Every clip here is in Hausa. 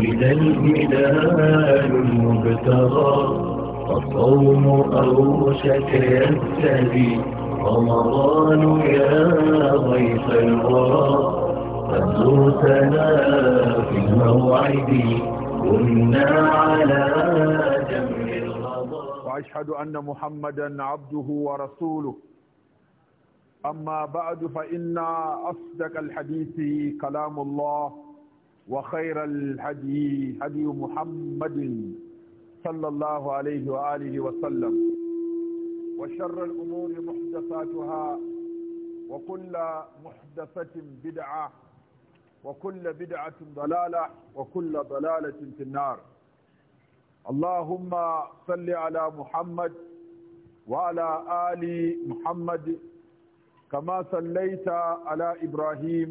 ولد الهلال المبتغى فالصوم أوشك يبتدي رمضان يا ضيف الورى قد زرتنا في الموعد كنا على جمع وأشهد أن محمدا عبده ورسوله أما بعد فإن أصدق الحديث كلام الله وخير الهدي هدي محمد صلى الله عليه وآله وسلم وشر الأمور محدثاتها وكل محدثة بدعة وكل بدعة ضلالة وكل ضلالة في النار اللهم صل على محمد وعلى آل محمد كما صليت على إبراهيم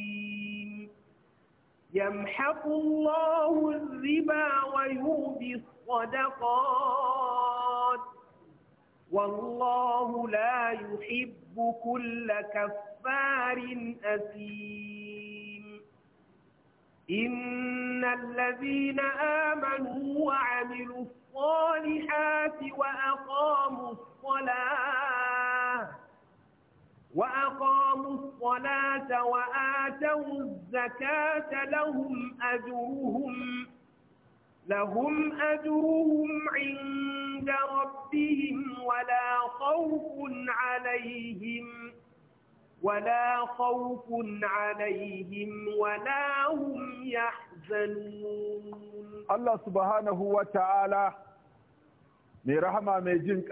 يمحق الله الربا ويربي الصدقات والله لا يحب كل كفار أثيم إن الذين آمنوا وعملوا الصالحات وأقاموا الصلاة وأقاموا الصلاة وآتوا الزكاة لهم أجرهم لهم أجرهم عند ربهم ولا خوف عليهم ولا خوف عليهم ولا هم يحزنون الله سبحانه وتعالى mai rahama mai jin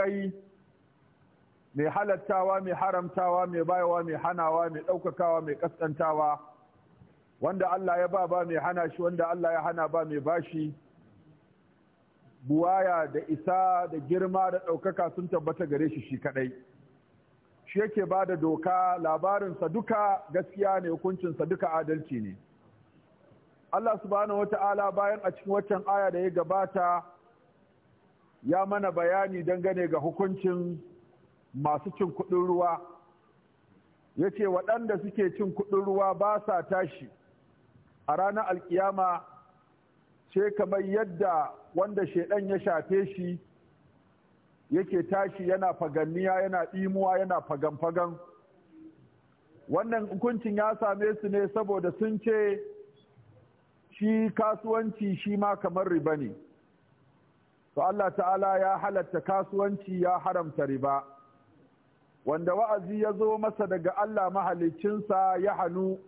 mai halattawa mai haramtawa mai bayawa mai hanawa mai ɗaukakawa mai ƙasƙantawa wanda Allah ya ba ba mai hana shi wanda Allah ya hana ba mai bashi buwaya da isa da girma da ɗaukaka sun tabbata gare shi shi kaɗai shi yake ba da doka labarinsa duka gaskiya ne hukuncinsa duka adalci ne Allah subhanahu wata'ala bayan a cikin waccan aya da ya gabata ya mana bayani dangane ga hukuncin masu cin kuɗin ruwa ya ce waɗanda suke cin kuɗin ruwa ba sa tashi a ranar alkiyama ce kamar yadda wanda shaidan ya shafe shi yake tashi yana faganniya yana ɗimuwa yana fagan-fagan wannan hukuncin ya same su ne saboda sun ce shi kasuwanci shi ma kamar riba ne to Allah ta'ala ya halatta kasuwanci ya haramta riba wanda wa'azi ya zo masa daga Allah mahalicinsa ya hannu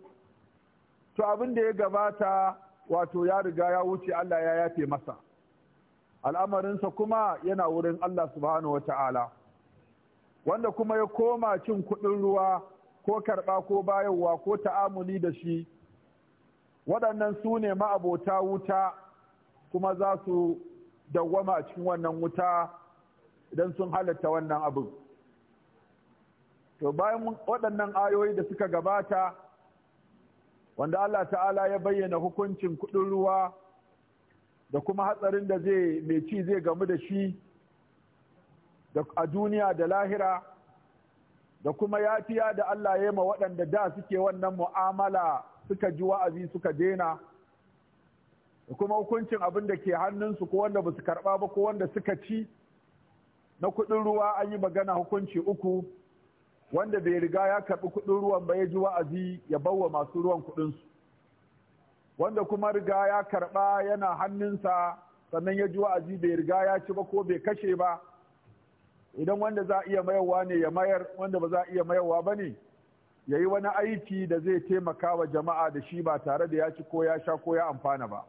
to abin da ya gabata wato ya riga ya wuce Allah ya yafe masa al'amarinsa kuma yana wurin Allah subhanahu Ta'ala. wanda kuma ya koma cin kuɗin ruwa ko karɓa ko bayarwa ko ta'amuli da shi waɗannan su ne ma'abota wuta kuma za su dawwama a cikin wannan wuta idan sun halatta wannan abin to bayan waɗannan ayoyi da suka gabata wanda Allah ta'ala ya bayyana hukuncin kuɗin ruwa da kuma hatsarin da zai mai ci zai gamu da shi a duniya da lahira da kuma yafiya da Allah ya yi ma waɗanda da suke wannan mu'amala suka ji wa'azi suka daina da kuma hukuncin abin da ke hannunsu ko wanda ba su karɓa ba ko wanda suka ci na kuɗin ruwa an yi magana hukunci uku wanda bai riga ya karɓi kuɗin ruwan ba ya ji wa'azi ya bawa masu ruwan kuɗinsu wanda kuma riga ya karɓa yana hannunsa sannan ya ji wa'azi bai riga ya ci ba ko bai kashe ba idan wanda za a iya mayarwa ne ya mayar wanda ba za a iya mayarwa ba ne ya yi wani aiki da zai taimaka wa jama'a da shi ba tare da ya ci ko ya sha ko ya amfana ba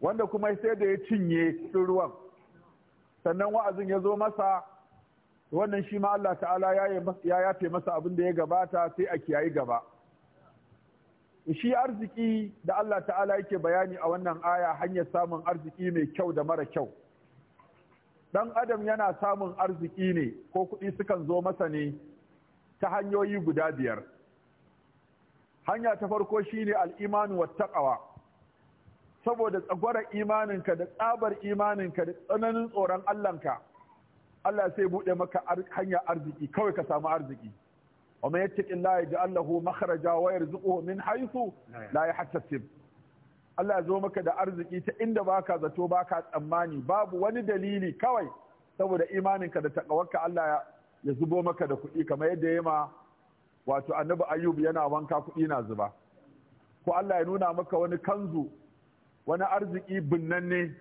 wanda kuma sai da ya cinye kuɗin ruwan sannan wa'azin ya zo masa wannan shi ma Allah ta'ala ya yafe masa abin da ya gabata sai a kiyayi gaba shi arziki da Allah ta'ala yake bayani a wannan aya hanyar samun arziki mai kyau da mara kyau dan adam yana samun arziki ne ko kuɗi sukan zo masa ne ta hanyoyi guda biyar hanya ta farko shine al'imanu wa taqawa saboda tsagwarar imaninka da tsabar imaninka da tsananin tsoron Allahnka Allah sai buɗe maka hanyar arziki kawai ka samu arziki wa man yattaqi Allah yaj'al lahu makhraja wa yarzuquhu min haythu la yahtasib Allah zo maka da arziki ta inda baka zato baka tsammani babu wani dalili kawai saboda imaninka da takawarka Allah ya zubo maka da kuɗi kamar yadda ya ma wato annabi ayyub yana wanka kuɗi na zuba ko Allah ya nuna maka wani kanzu wani arziki binnanne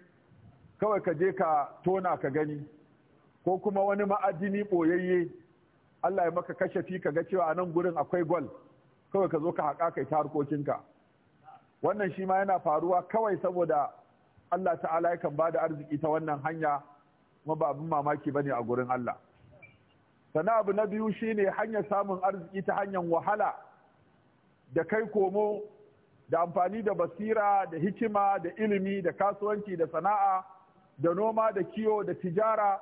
kawai ka je ka tona ka gani ko kuma wani ma'adini ɓoyayye Allah ya maka kashe kashafi ka ga cewa a nan gurin akwai gwal kawai ka zo ka haƙa kai ta harkokinka wannan shi ma yana faruwa kawai saboda Allah ta'ala yakan ba da arziki ta wannan hanya kuma ba abin mamaki bane a gurin Allah sana abu na biyu shine hanyar samun arziki ta hanyar wahala da kai komo da amfani da basira da hikima da ilimi da kasuwanci da sana'a da noma da kiwo da tijara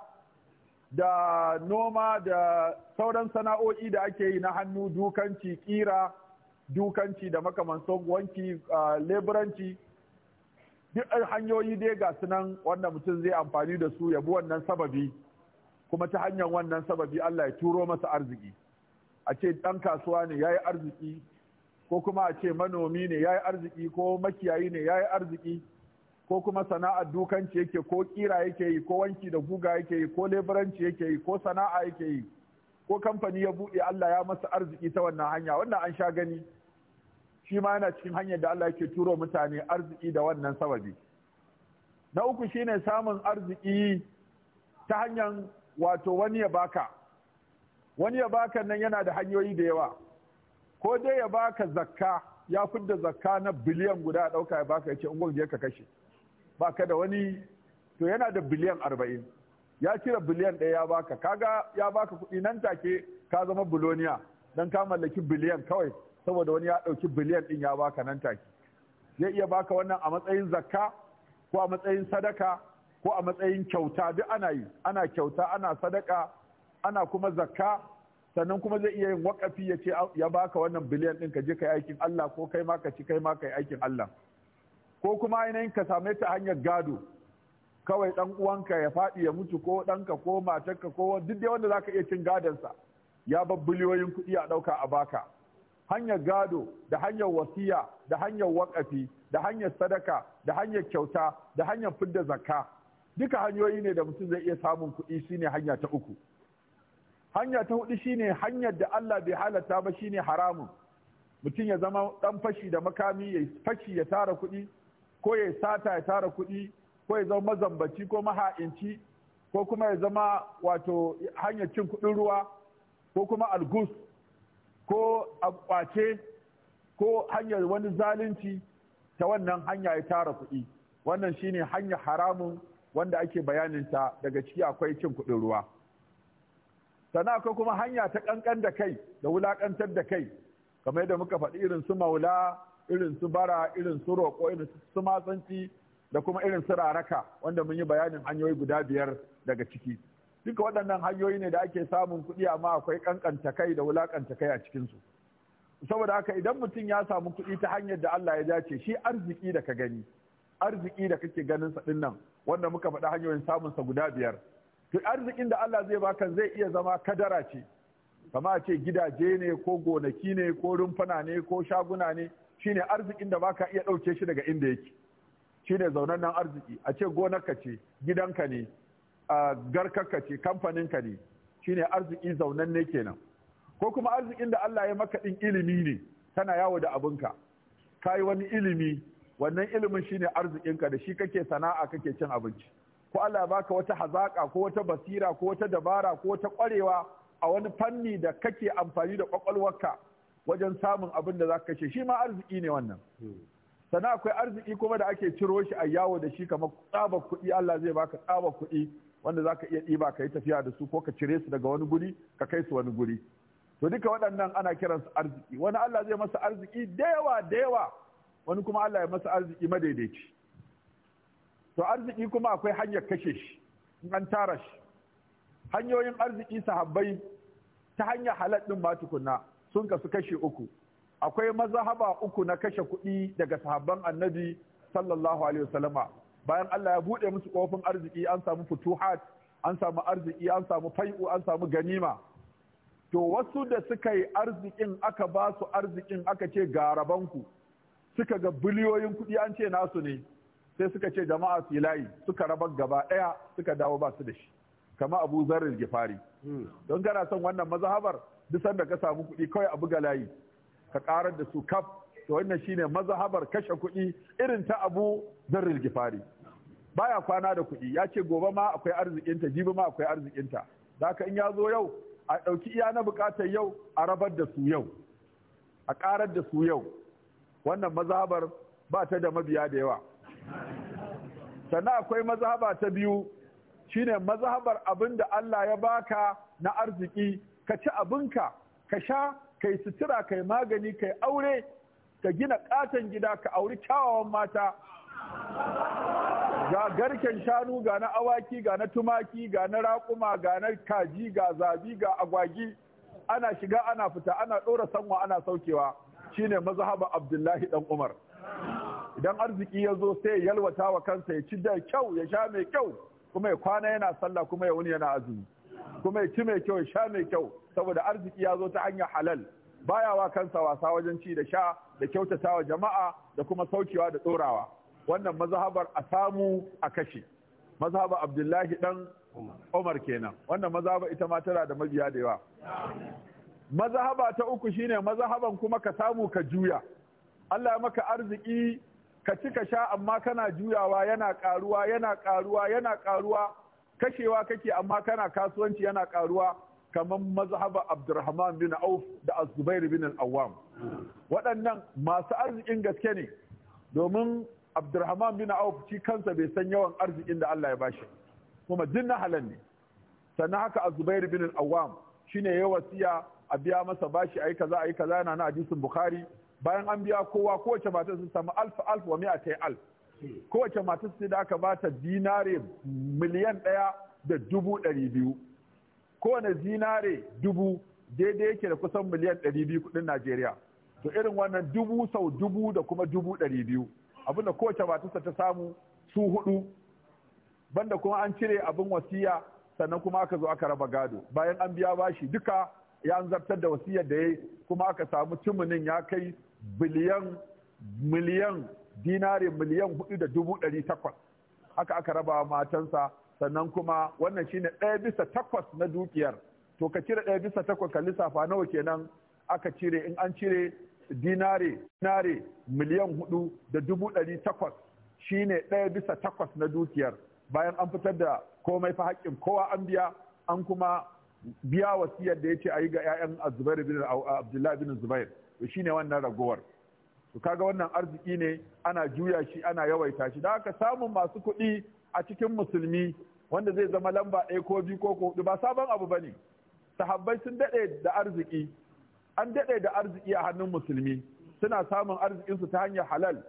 da noma da sauran sana'o'i da ake yi na hannu dukanci kira dukanci da makamantan wanki leburanci duk hanyoyi dai ga sunan wanda mutum zai amfani da su ya bi wannan sababi kuma ta hanyar wannan sababi Allah ya turo masa arziki a ce ɗan kasuwa ne ya yi arziki ko kuma a ce manomi ne ya yi arziki ko makiyayi ne ya yi arziki ko kuma sana'ar dukanci yake ko kira yake yi ko wanki da guga yake yi ko leburanci yake yi ko sana'a yake yi ko kamfani ya buɗe Allah ya masa arziki ta wannan hanya wannan an sha gani shi ma yana cikin hanyar da Allah yake turo mutane arziki da wannan sababi na uku shine samun arziki ta hanyar wato wani ya baka wani ya baka nan yana da hanyoyi da yawa ko dai ya baka zakka ya fidda zakka na biliyan guda ɗauka ya baka ya ce in je ka kashe ba ka da wani to yana da biliyan arba'in ya cire biliyan ɗaya ya baka kaga ya baka kuɗi nan take ka zama buloniya don ka mallaki biliyan kawai saboda wani ya ɗauki biliyan ɗin ya baka nan take zai iya baka wannan a matsayin zakka ko a matsayin sadaka ko a matsayin kyauta duk ana yi ana kyauta ana sadaka ana kuma zakka sannan kuma zai iya yin wakafi ya ce ya baka wannan biliyan ɗin ka je ka yi aikin Allah ko kai ma ka ci kai ma ka yi aikin Allah ko kuma ainihin ka same ta hanyar gado kawai ɗan uwanka ya faɗi ya mutu ko ɗanka ko matarka ko duk dai wanda za ka iya cin gadonsa ya bar biliyoyin kuɗi a ɗauka a baka hanyar gado da hanyar wasiya da hanyar wakafi da hanyar sadaka da hanyar kyauta da hanyar fidda zakka duka hanyoyi ne da mutum zai iya samun kuɗi shine hanya ta uku hanya ta hudu shine hanyar da Allah bai halatta ba shine haramun mutum ya zama ɗan fashi da makami ya fashi ya tara kuɗi ko ya sata ya tara kuɗi ko ya zama mazambaci ko maha'inci ko kuma ya zama wato hanyar cin kuɗin ruwa ko kuma algus ko a kwace ko hanyar wani zalunci ta wannan hanya ya tara kuɗi wannan shine hanya haramun wanda ake bayaninta daga ciki akwai cin kuɗin ruwa sannan akwai kuma hanya ta ƙanƙan da kai da wulaƙantar da kai kamar yadda muka faɗi irin su maula irin su bara irin su roƙo irin su matsanci da kuma irin su raraka wanda mun yi bayanin hanyoyi guda biyar daga ciki duka waɗannan hanyoyi ne da ake samun kuɗi amma akwai ƙanƙanta kai da wulaƙanta kai a cikinsu saboda haka idan mutum ya samu kuɗi ta hanyar da Allah ya dace shi arziki da ka gani arziki da kake ganin sa nan wanda muka faɗa hanyoyin samun sa guda biyar to arzikin da Allah zai baka zai iya zama kadara ce kama ce gidaje ne ko gonaki ne ko rumfuna ne ko shaguna ne shine arzikin da baka iya ɗauke shi daga inda yake shine nan arziki a ce gonarka ce gidanka ne garkarka ce kamfaninka ne shine arziki zaunan ne kenan ko kuma arzikin da Allah ya maka din ilimi ne tana yawo da abinka ka yi wani ilimi wannan ilimin shine arzikinka da shi kake sana'a kake cin abinci ko Allah ya baka wata hazaka ko wata basira ko wata dabara ko wata kwarewa a wani fanni da kake amfani da kwakwalwarka wajen samun abin da za ka kashe shi ma arziki ne wannan hmm. sana akwai arziki kuma da ake ciro shi a yawo da shi kamar tsaba kuɗi Allah zai baka tsaba kuɗi wanda za ka iya ɗiba ka yi tafiya da su ko ka cire su daga wani guri ka kai su wani guri to duka waɗannan ana kiransu arziki wani Allah zai masa arziki da yawa da yawa wani kuma Allah ya masa arziki madaidaici to arziki kuma akwai hanyar kashe shi in an tara shi hanyoyin arziki sahabbai ta hanyar halal din ma tukunna sun kasu kashe uku akwai mazahaba uku na kashe kuɗi daga sahabban annabi sallallahu alaihi wasallama bayan Allah ya buɗe musu kofin arziki an samu futuhat an samu arziki an samu fai'u an samu ganima to wasu da suka yi arzikin aka ba su arzikin aka ce ga rabanku suka ga biliyoyin kuɗi an ce nasu ne sai suka ce jama'a su layi suka raba gaba ɗaya suka dawo ba su da shi kama abu zarar gifari hmm. don kana son wannan mazahabar? duk sanda ka samu kuɗi kawai a buga layi ka karar da su kaf to wannan shine mazhabar kashe kuɗi irin ta abu zarril gifari baya kwana da kuɗi ya ce gobe ma akwai arzikinta jibi ma akwai arzikinta zaka in ya zo yau a ɗauki iya na buƙatar yau a rabar da su yau a ƙarar da su yau wannan mazhabar ba ta da mabiya da yawa sannan akwai mazhaba ta biyu shine mazhabar abin da Allah ya baka na arziki ka ci abinka ka sha ka yi sutura ka yi magani ka yi aure ka gina katon gida ka auri kyawawan mata ga garken shanu ga na awaki ga na tumaki ga na raƙuma ga na kaji ga zabi ga agwagi ana shiga ana fita ana ɗora sanwa ana saukewa shine mazhaban abdullahi Ɗan umar idan arziki ya zo sai yalwata wa kansa ya ci da kyau ya sha mai kyau kuma ya kwana yana sallah kuma ya wuni yana azumi kuma ya ci mai kyau ya sha mai kyau saboda arziki ya zo ta hanyar halal baya wa kansa wasa wajen ci da sha da kyautatawa jama'a da kuma saukewa da tsorawa wannan mazhabar a samu a kashe mazhabar abdullahi dan umar kenan wannan mazhabar ita ma tana da mabiya da yawa mazhaba ta uku shine mazhaban kuma ka samu ka juya Allah maka arziki ka ci ka sha amma kana juyawa yana karuwa yana karuwa yana karuwa kashewa kake amma kana kasuwanci yana karuwa kamar mazhaba abdurrahman bin auf da az-zubair bin al-awwam waɗannan masu arzikin gaske ne domin abdurrahman bin auf shi kansa bai san yawan arzikin da Allah ya bashi kuma din na ne sannan haka az-zubair bin al-awwam shine ya wasiya a biya masa bashi ayi kaza ayi kaza yana na hadisin bukhari bayan an biya kowa kowace mata sun samu alf alf wa mi'atai alf kowace mata sai da aka bata dinare miliyan ɗaya da dubu ɗari biyu kowane zinare dubu daidai yake da kusan miliyan 200 biyu Najeriya. To irin wannan dubu sau dubu da kuma dubu 200 biyu. kowace matarsa ta samu su hudu. Banda kuma an cire abin wasiya sannan kuma aka zo aka raba gado. Bayan an biya bashi duka ya zartar da wasiyar da ya kuma aka samu cimunin ya kai biliyan miliyan dinare miliyan hudu da dubu ɗari takwas. Haka aka raba matansa sannan kuma wannan shine ɗaya bisa takwas na dukiyar to ka cire ɗaya bisa takwas ka lissafa nawa kenan aka cire in an cire dinare dinare miliyan hudu da dubu ɗari takwas shine ɗaya bisa takwas na dukiyar bayan an fitar da komai fa haƙƙin kowa an biya an kuma biya wasiyar da ya ce a yi ga 'ya'yan azubair bin abdullahi bin zubair to shine wannan ragowar to kaga wannan arziki ne ana juya shi ana yawaita shi da haka samun masu kuɗi a cikin musulmi wanda zai zama lamba ɗaya ko biyu ko hudu ba sabon abu ba ne sahabbai sun daɗe da arziki an daɗe da arziki a hannun musulmi suna samun arzikinsu ta hanyar halal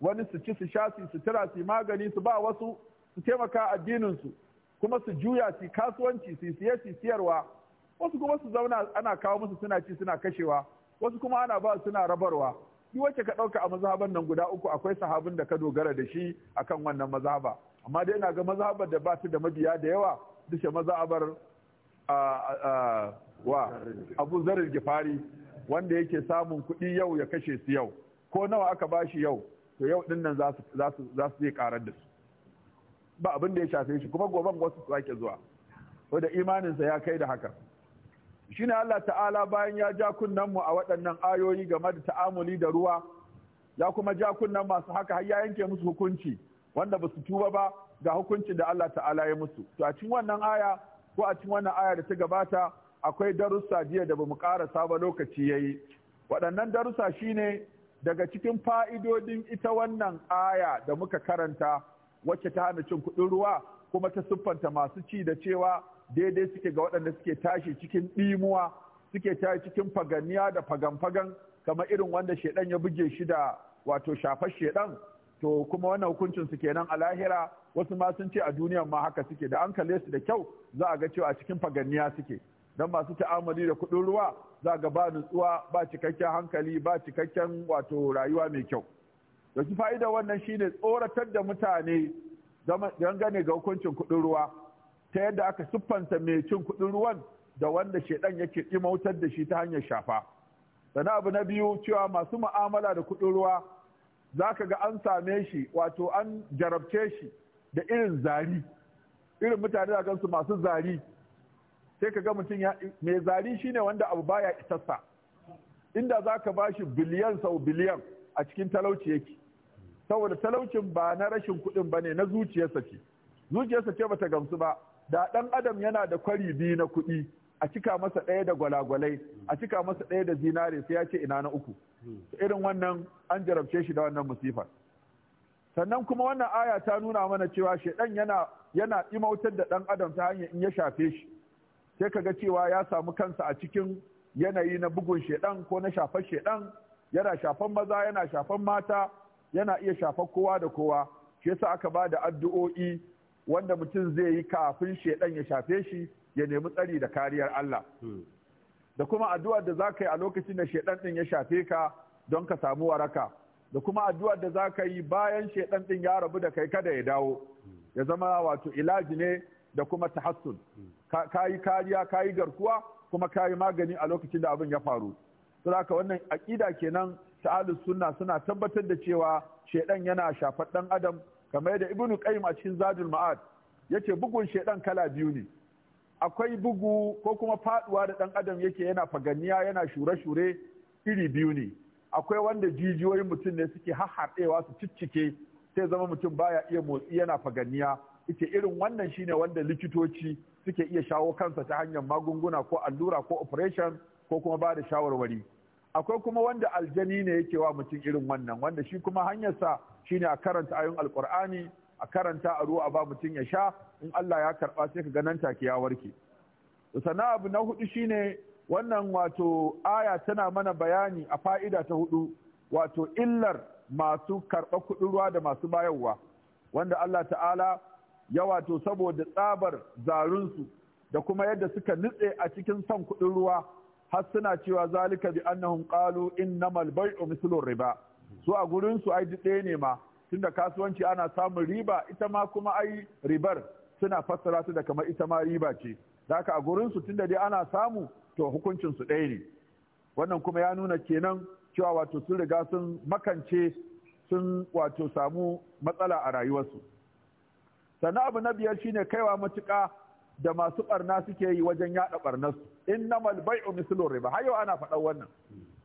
wani su ci su sha su sutura su magani su ba wasu su taimaka addininsu kuma su juya su kasuwanci su siye su siyarwa wasu kuma su zauna ana kawo musu suna ci suna kashewa wasu kuma ana ba suna rabarwa duk wacce ka ɗauka a mazhaban nan guda uku akwai sahabin da ka dogara da shi akan wannan mazhaba amma dai ina ga mazhabar da ba su da mabiya da yawa dushe mazhabar wa abu zarar gifari wanda yake samun kuɗi yau ya kashe su yau ko nawa aka bashi yau to yau din nan za su yi karar da su ba abin da ya shafe shi kuma goban wasu su sake zuwa da imaninsa ya kai da haka shine Allah ta'ala bayan ya ja kunnen mu a waɗannan ayoyi game da ta'amuli da ruwa ya kuma ja kunnen masu haka har ya yanke musu hukunci wanda ba su tuba ba ga hukuncin da Allah ta'ala ya musu to a cikin wannan aya ko a cikin wannan aya da ta gabata akwai darussa jiya da bamu ƙara saba lokaci yayi waɗannan darussa shine daga cikin fa'idodin ita wannan aya da muka karanta wacce ta hana cin kuɗin ruwa kuma ta siffanta masu ci da cewa daidai suke ga waɗanda suke tashi cikin ɗimuwa suke tashi cikin faganiya da fagan-fagan kamar irin wanda shaidan ya buge shi da wato shafar shaidan. to kuma wannan hukuncin su kenan a lahira wasu ma sun ce a duniya ma haka suke da an kalle su da kyau za a ga cewa a cikin faganiya suke dan masu ta'amali da kuɗin ruwa za ga ba nutsuwa ba cikakken hankali ba cikakken wato rayuwa mai kyau da su fa'idar wannan shine tsoratar da mutane dangane ga hukuncin kuɗin ruwa ta yadda aka siffanta mai cin kuɗin ruwan da wanda shaidan yake imautar da shi ta hanyar shafa sannan abu na biyu cewa masu mu'amala da kuɗin ruwa za ka ga an same shi wato an jarabce shi da irin zari irin mutane da gansu masu zari sai ka ga mutum ya mai zari shine wanda abu baya isassa inda za ka ba shi biliyan sau biliyan a cikin talauci yake saboda talaucin ba na rashin kuɗin ba ne na zuciyarsa ce zuciyarsa ce bata gamsu ba da ɗan adam yana da kwari biyu na kuɗi a cika masa ɗaya da gwalagwalai a cika masa ɗaya da zinare sai ya ce ina na uku irin wannan an jarabce shi da wannan musifar sannan kuma wannan aya ta nuna mana cewa shaidan yana yana imautar da ɗan adam ta hanyar in ya shafe shi sai ga cewa ya samu kansa a cikin yanayi na bugun shaidan ko na shafar shaidan yana shafan maza yana shafan mata yana iya shafar kowa da kowa shi yasa aka ba da addu'o'i wanda mutum zai yi kafin shaidan ya shafe shi ya nemi tsari da kariyar Allah hmm. da kuma addu'ar da za ka yi a lokacin da shaidan ɗin ya shafe ka don ka samu waraka da kuma addu'ar da za ka yi bayan shaidan ɗin ya rabu da kai kada ya dawo hmm. ya zama wato ilaji ne da kuma tahassun hmm. ka yi kariya ka yi garkuwa kuma ka yi magani a lokacin da abin ya faru ka wannan aƙida kenan ta sunna suna tabbatar da cewa shedan yana shafar ɗan adam kamar yadda ibnu qayyim a cikin zadul ma'ad yace bugun shedan kala biyu ne akwai bugu ko kuma faduwa da dan adam yake yana faganiya yana shure-shure iri biyu ne akwai wanda jijiyoyin mutum ne suke haɗewa su ciccike sai zama mutum baya iya motsi yana faganiya ita irin wannan shine wanda likitoci suke iya shawo kansa ta hanyar magunguna ko allura ko operation ko kuma ba da shawarwari akwai kuma wanda aljani ne yake wa mutum irin wannan wanda shi kuma hanyarsa shine a karanta ayoyin alqur'ani a karanta a ruwa ba mutum ya sha in Allah ya karba sai ka ganan take ya warke sana abu na hudu shine wannan wato aya tana mana bayani a fa'ida ta hudu wato illar masu karɓar kuɗin ruwa da masu bayarwa wanda Allah ta'ala ya wato saboda tsabar zarunsu da kuma yadda suka nutse a cikin son kuɗin ruwa har suna cewa zalika bi annahum qalu innamal bay'u mislur riba su a gurin su ai duk ɗaya ne ma tunda kasuwanci ana samun riba ita ma kuma ai ribar suna fassara su da kamar ita ma riba ce haka a gurin su tunda dai ana samu to hukuncin su ɗaya ne wannan kuma ya nuna kenan cewa wato sun riga sun makance sun wato samu matsala a rayuwarsu sannan abu na biyar shine kaiwa matuƙa da masu barna suke yi wajen yada barnarsu innamal bai'u mislu riba har yau ana faɗan wannan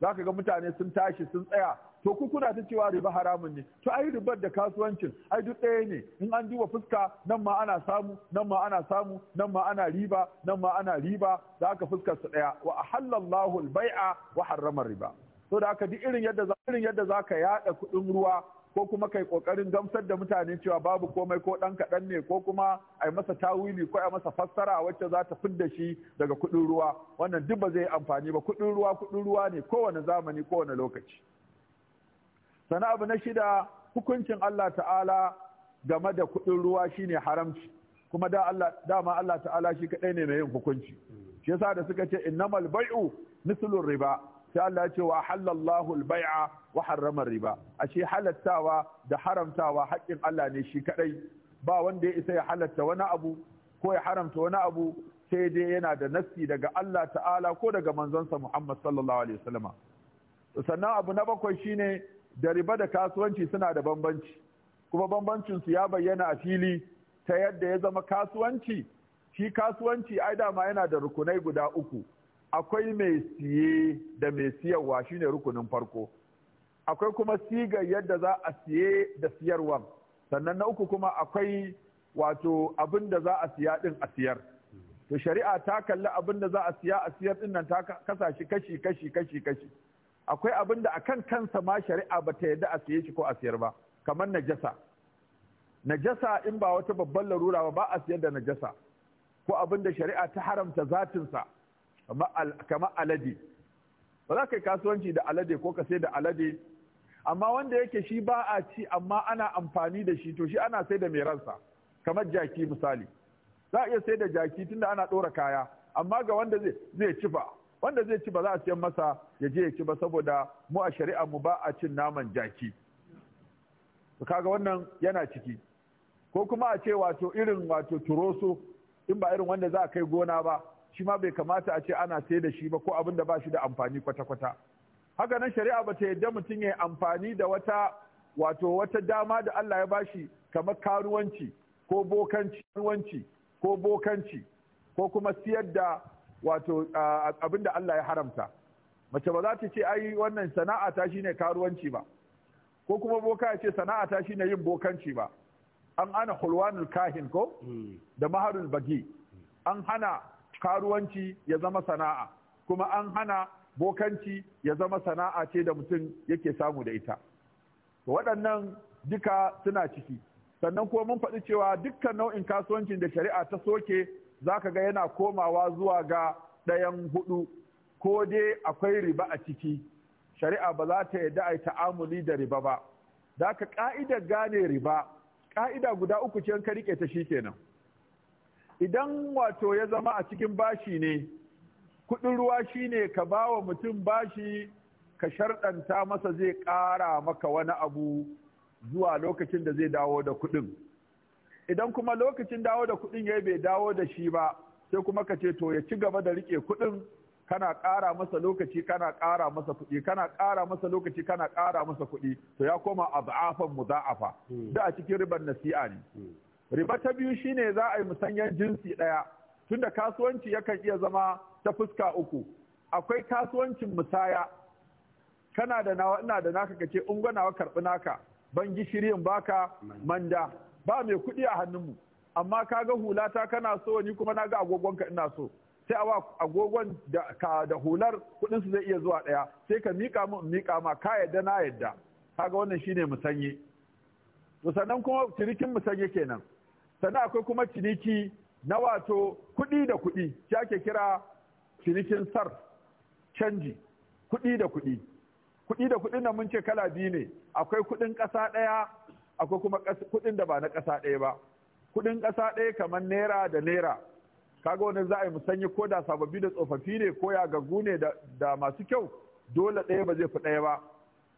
zaka ga mutane sun tashi sun tsaya to ku kuna ta cewa riba haramun ne to ai ribar da kasuwancin ai duk ɗaya ne in an duba fuska nan ma ana samu nan ma ana samu nan ma ana riba nan ma ana riba da aka fuskar su ɗaya wa ahallallahu albai'a wa riba to da aka duk irin yadda irin yadda zaka yada kuɗin ruwa ko kuma kai kokarin gamsar da mutane cewa babu komai ko dan kaɗan ne ko kuma ai masa tawili ko ai masa fassara wacce za ta fidda shi daga kuɗin ruwa wannan duk ba zai amfani ba kuɗin ruwa kuɗin ruwa ne kowane zamani kowane lokaci sana abu na shida hukuncin Allah ta'ala game da kuɗin ruwa shine haramci kuma da Allah dama Allah ta'ala shi kadai ne mai yin hukunci shi yasa da suka ce innamal bai'u mislu riba sai Allah ya ce wa halallahu al-bai'a wa harrama riba ashe halattawa da haramtawa haƙƙin Allah ne shi kadai ba wanda ya isa ya halatta wani abu ko ya haramta wani abu sai dai yana da nassi daga Allah ta'ala ko daga manzonsa Muhammad sallallahu alaihi wasallama sannan abu na bakwai shine da riba da kasuwanci suna da bambanci kuma bambancinsu ya bayyana a fili ta yadda ya zama kasuwanci shi kasuwanci ai dama yana da rukunai guda uku akwai mai siye da mai siyarwa shine rukunin farko akwai kuma sigar yadda za a siye da siyarwa sannan na uku kuma akwai wato abin da za a siya din a siyar to shari'a ta kalli abin da za a siya a siyar din nan ta kasa shi kashi kashi kashi kashi akwai abin da akan kansa ma shari'a ba ta yadda a siye shi ko a siyar ba kamar najasa najasa in ba wata babban larura ba ba a siyar da najasa ko abin da shari'a ta haramta zatinsa kamar alade ba za ka yi kasuwanci da alade ko ka sai da alade amma wanda yake shi ba a ci amma ana amfani da shi to shi ana sai da mai ransa kamar jaki misali za a iya sai da jaki tunda ana ɗora kaya amma ga wanda zai cifa wanda zai ci ba za a siyan masa ya je ya ci ba saboda mu a shari'a mu ba a cin naman jaki to kaga wannan yana ciki ko kuma a ce wato irin wato turoso in ba irin wanda za a kai gona ba shi ma bai kamata a ce ana sai da shi ba ko abin da ba shi da amfani kwata-kwata haka nan shari'a ba ta yadda mutum ya amfani da wata wato wata dama da Allah ya bashi kamar karuwanci ko bokanci ko bokanci ko kuma siyar da wato abin da Allah ya haramta mace ba za ta ce ai wannan sana'a ta shine karuwanci ba ko kuma boka ya ce sana'a ta shine yin bokanci ba an ana hulwanul kahin ko hmm. da maharul bagi an hana karuwanci ya zama sana'a kuma an hana bokanci ya zama sana'a ce da mutum yake samu da ita waɗannan duka suna ciki sannan kuma mun faɗi cewa dukkan nau'in kasuwancin da shari'a ta soke za ka ga yana komawa zuwa ga ɗayan hudu ko dai akwai riba a ciki shari'a ba za ta yadda a yi ta'amuli da riba ba da ka ƙa'ida gane riba ƙa'ida guda uku ce ka rike ta shi kenan. idan wato ya zama a cikin bashi ne kuɗin ruwa shine ka ba wa mutum bashi ka sharɗanta masa zai ƙara maka wani abu zuwa lokacin da zai dawo da kuɗin idan kuma lokacin dawo da kuɗin ya bai dawo da shi ba sai kuma ka ce to ya ci gaba da riƙe kuɗin kana ƙara masa lokaci kana ƙara masa kuɗi kana ƙara masa lokaci kana ƙara masa kuɗi to ya koma ab'afan mudha'afa hmm. da a cikin ribar nasi'a ne hmm. riba ta biyu shine za a yi musanyen jinsi ɗaya tunda kasuwanci yakan iya zama ta fuska uku akwai kasuwancin musaya kana da nawa ina da naka kace nawa karɓi naka ban gishiri in baka manda ba mai kuɗi a hannunmu amma ka ga hulata kana so ni kuma na ga agogonka ina so sai a agogon da hular kuɗin su zai iya zuwa ɗaya sai ka mika mu in mika ma ka yadda na yadda kaga wannan shine musanye to sannan kuma cinikin musanye kenan sannan akwai kuma ciniki na wato kuɗi da kuɗi shi ake kira cinikin sar canji kuɗi da kuɗi kuɗi da kuɗin nan mun ce kala biyu ne akwai kuɗin ƙasa ɗaya akwai kuma kuɗin da ba na ƙasa ɗaya ba kuɗin ƙasa ɗaya kamar naira da naira kaga wani za a yi musanyi ko da sababbi da tsofaffi ne ko ya gaggu ne da masu kyau dole ɗaya ba zai fi ɗaya ba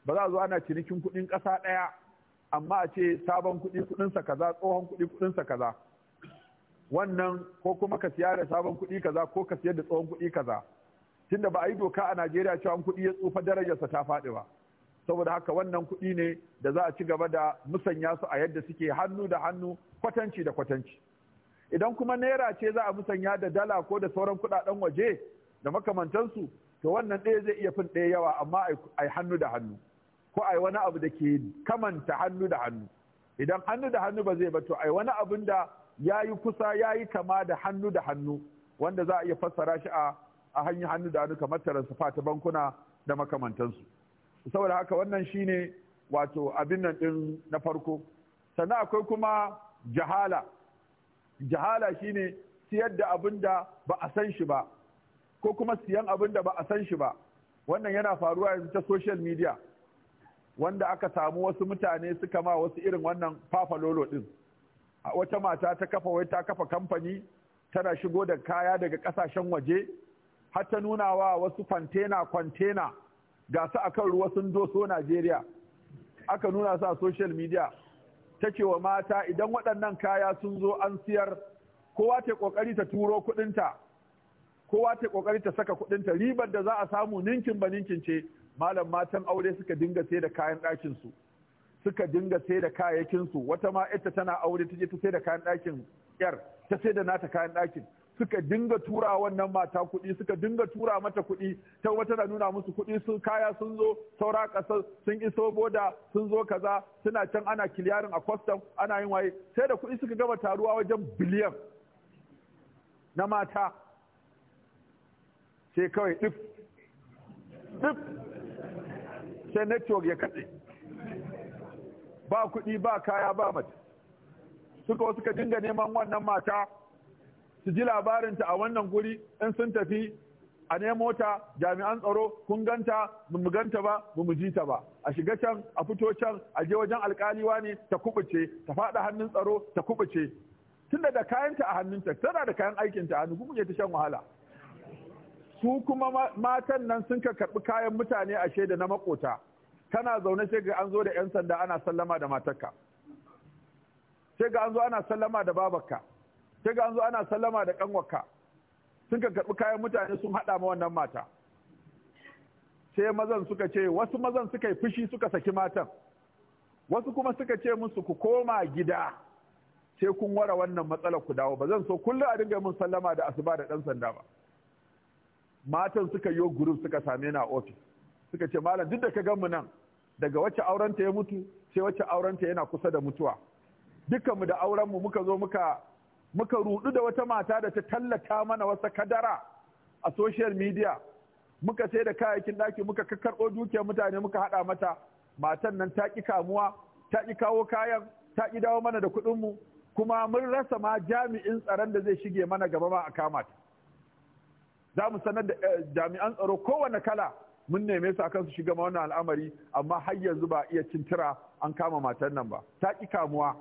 ba za a zo ana cinikin kuɗin ƙasa ɗaya amma a ce sabon kudin kuɗinsa kaza tsohon kuɗi sa kaza wannan ko kuma ka siya da sabon kuɗi kaza ko ka siyar da tsohon kuɗi kaza tunda ba a yi doka a Najeriya cewa kuɗi ya tsufa darajarsa ta faɗi ba saboda haka wannan kuɗi ne da za a ci gaba da musanya su a yadda suke hannu da hannu kwatanci da kwatanci idan kuma naira ce za a musanya da dala ko da sauran kuɗaɗen waje da makamantansu to wannan ɗaya zai iya fin ɗaya yawa amma a yi hannu da hannu ko a wani abu da ke kamanta hannu da hannu idan hannu da hannu ba zai ba to a wani abun da ya yi kusa ya yi kama da hannu da hannu wanda za a iya fassara shi a hanyar hannu da hannu kamar taransifa ta bankuna da makamantansu saboda haka wannan shine wato abin nan din na farko sannan akwai kuma jahala jahala shine siyar da abin da ba a san shi ba ko kuma siyan abin da ba a san shi ba wannan yana faruwa yanzu ta social media wanda aka samu wasu mutane suka ma wasu irin wannan fafalolo din wata mata ta kafa wai ta kafa kamfani tana shigo da kaya daga kasashen waje har ta nuna wa wasu kwantena kwantena ga su kan ruwa sun doso Najeriya aka nuna su a social media ta cewa mata idan waɗannan kaya sun zo an siyar kowa ta ƙoƙari ta turo kuɗinta kowa ta ƙoƙari ta saka kuɗinta ribar da za a samu ninkin ba ninkin ce malam matan aure suka dinga sai da kayan ɗakin suka dinga sai da kayayyakin wata ma ita tana aure ta je ta sai da kayan ɗakin yar ta sai da nata kayan ɗakin suka dinga tura wannan mata kuɗi suka dinga tura mata kuɗi ta wata na nuna musu kuɗi sun kaya sun zo saura ƙasar sun iso boda sun zo kaza suna can ana kiliyarin a kwastam ana yin waye sai da kuɗi suka gama taruwa wajen biliyan na mata sai kawai ɗif ɗif sai network ya katse ba kuɗi ba kaya ba mace suka wasu ka dinga neman wannan mata su ji labarinta a wannan guri in sun tafi a nemo ta jami'an tsaro kun ganta ba mu ganta ba ba mu ji ta ba a shiga can a fito can a je wajen alkaliwa ne ta kubuce ta faɗa hannun tsaro ta kubuce tunda da kayanta a hannunta tana da kayan aikin ta hannu kuma ta shan wahala su kuma matan nan sun ka karɓi kayan mutane a shaida na makota kana zaune sai ga an zo da 'yan sanda ana sallama da matarka sai ga an zo ana sallama da babarka sai ga an zo ana sallama da kanwarka sun ka karɓi kayan mutane sun haɗa ma wannan mata sai mazan suka ce wasu mazan suka yi fushi suka saki matan wasu kuma suka ce musu ku koma gida sai kun wara wannan matsalar ku dawo ba zan so kullum a dinga mun sallama da asuba da dan sanda ba matan suka yi group suka same na a ofis suka ce malam duk da ka gan mu nan daga wacce aurenta ya mutu sai wacce aurenta yana kusa da mutuwa dukkanmu da aurenmu muka zo muka muka rudu da wata mata da ta tallata mana wasa kadara a social media muka sai da kayayyakin ɗaki muka kakkarɓo dukiyar mutane muka haɗa mata matan nan ta ƙi kamuwa ta ƙi kawo kayan ta ƙi dawo mana da kuɗinmu kuma mun rasa ma jami'in tsaron da zai shige mana gaba ma a kama ta za mu sanar da eh, jami'an tsaro kowane kala mun neme su akan su shiga ma wannan al'amari amma har yanzu ba iya cintira an kama matan nan ba ta ƙi kamuwa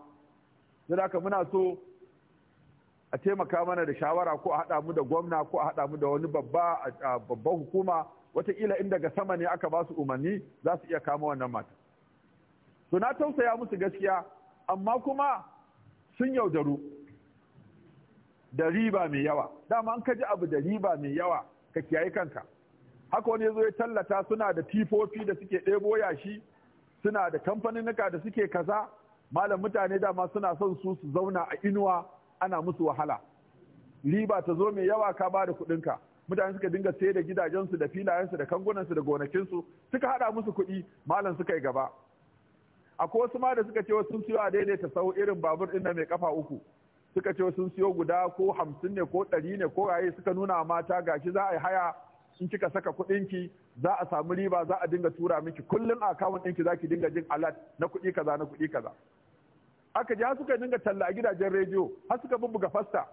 da haka muna so a taimaka mana da shawara ko a haɗa mu da gwamna ko a haɗa mu da wani babba babban hukuma wataƙila in daga sama ne aka ba su umarni za su iya kama wannan mata to na tausaya musu gaskiya amma kuma sun yaudaru da riba mai yawa dama an kaji abu da riba mai yawa ka kiyaye kanka haka wani zo ya tallata suna da tifofi da suke ɗebo yashi suna da kamfaninnika da suke kaza malam mutane dama suna son su su zauna a inuwa ana musu wahala riba ta zo mai yawa ka bada kuɗinka mutane suka dinga sai da gidajensu da filayensu da kangunansu da gonakinsu suka hada musu kuɗi malam suka yi gaba akwai wasu ma da suka ce sun siyo a daidaita sau irin babur ɗin mai kafa uku suka ce sun siyo guda ko hamsin ne ko ɗari ne ko raye suka nuna mata gashi za a yi haya in kika saka kuɗinki za a samu riba za a dinga tura miki kullum a akawun ɗinki za ki dinga jin alat na kuɗi kaza na kuɗi kaza aka je suka dinga talla a gidajen rediyo har suka bubbuga fasta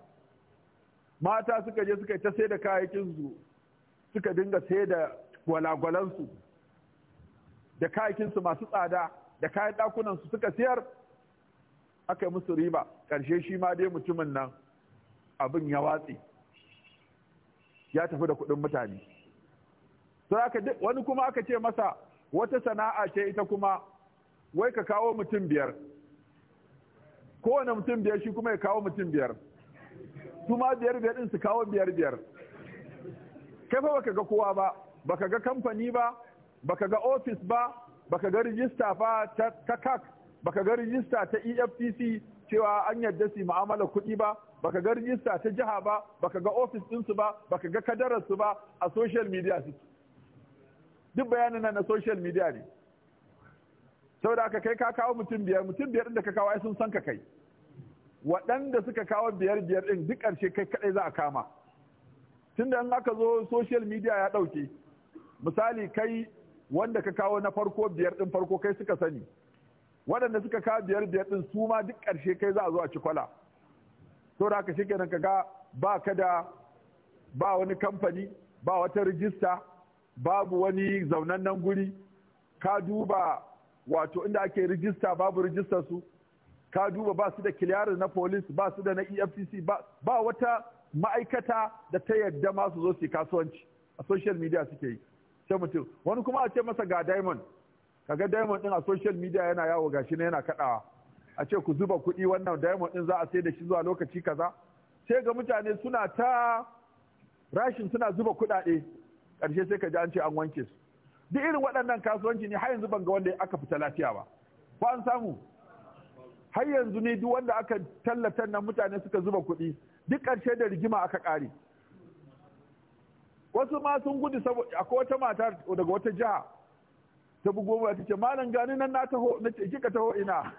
mata suka je suka yi ta sai da kayayyakin suka dinga sai da gwalagwalan da kayayyakin masu tsada da kayan dakunan su suka siyar aka yi musu riba karshe shi ma dai mutumin nan abin ya watse ya tafi da kuɗin mutane wani kuma aka ce masa wata sana'a ce ita kuma wai ka kawo mutum biyar kowane mutum biyar shi kuma ya kawo mutum biyar su ma biyar biyar din su kawo biyar biyar kai fa baka ga kowa ba baka ga kamfani ba baka ga ofis ba baka ga rijista fa ta kak baka ga rijista ta EFCC cewa an yarda su mu'amala kuɗi ba baka ga rijista ta jiha ba baka ga ofis ɗinsu ba baka ga kadararsu ba a social media su duk bayanin na social media ne saboda aka kai ka kawo mutum biyar mutum biyar din da ka kawo ai sun san ka kai waɗanda suka kawo biyar biyar din duk ƙarshe kai kaɗai za a kama tunda in aka zo social media ya ɗauke misali kai wanda ka kawo na farko biyar din farko kai suka sani waɗanda suka kawo biyar biyar din su ma duk ƙarshe kai za a zo a ci kwala saboda haka shikenan ka ga ba ka da ba wani kamfani ba wata rijista babu wani zaunannen guri ka duba wato inda ake rijista babu rijista su ka duba ba su da kiliyarin na polis ba su da na efcc ba, wata ma'aikata da ta yadda masu su zo su kasuwanci a social media suke yi sai mutum wani kuma a ce masa ga diamond kaga diamond din a social media yana yawo gashi na yana kadawa a ce ku zuba kuɗi wannan diamond din za a sai da shi zuwa lokaci kaza sai ga mutane suna ta rashin suna zuba kuɗaɗe ƙarshe sai ka ji an ce an wanke su duk irin waɗannan kasuwanci ne har yanzu ban ga wanda aka fita lafiya ba ko an samu har yanzu ne duk wanda aka tallata nan mutane suka zuba kuɗi duk ƙarshe da rigima aka ƙare wasu ma sun gudu saboda akwai wata mata daga wata jiha ta bugo ba ta ce malam gani nan na taho na ce kika taho ina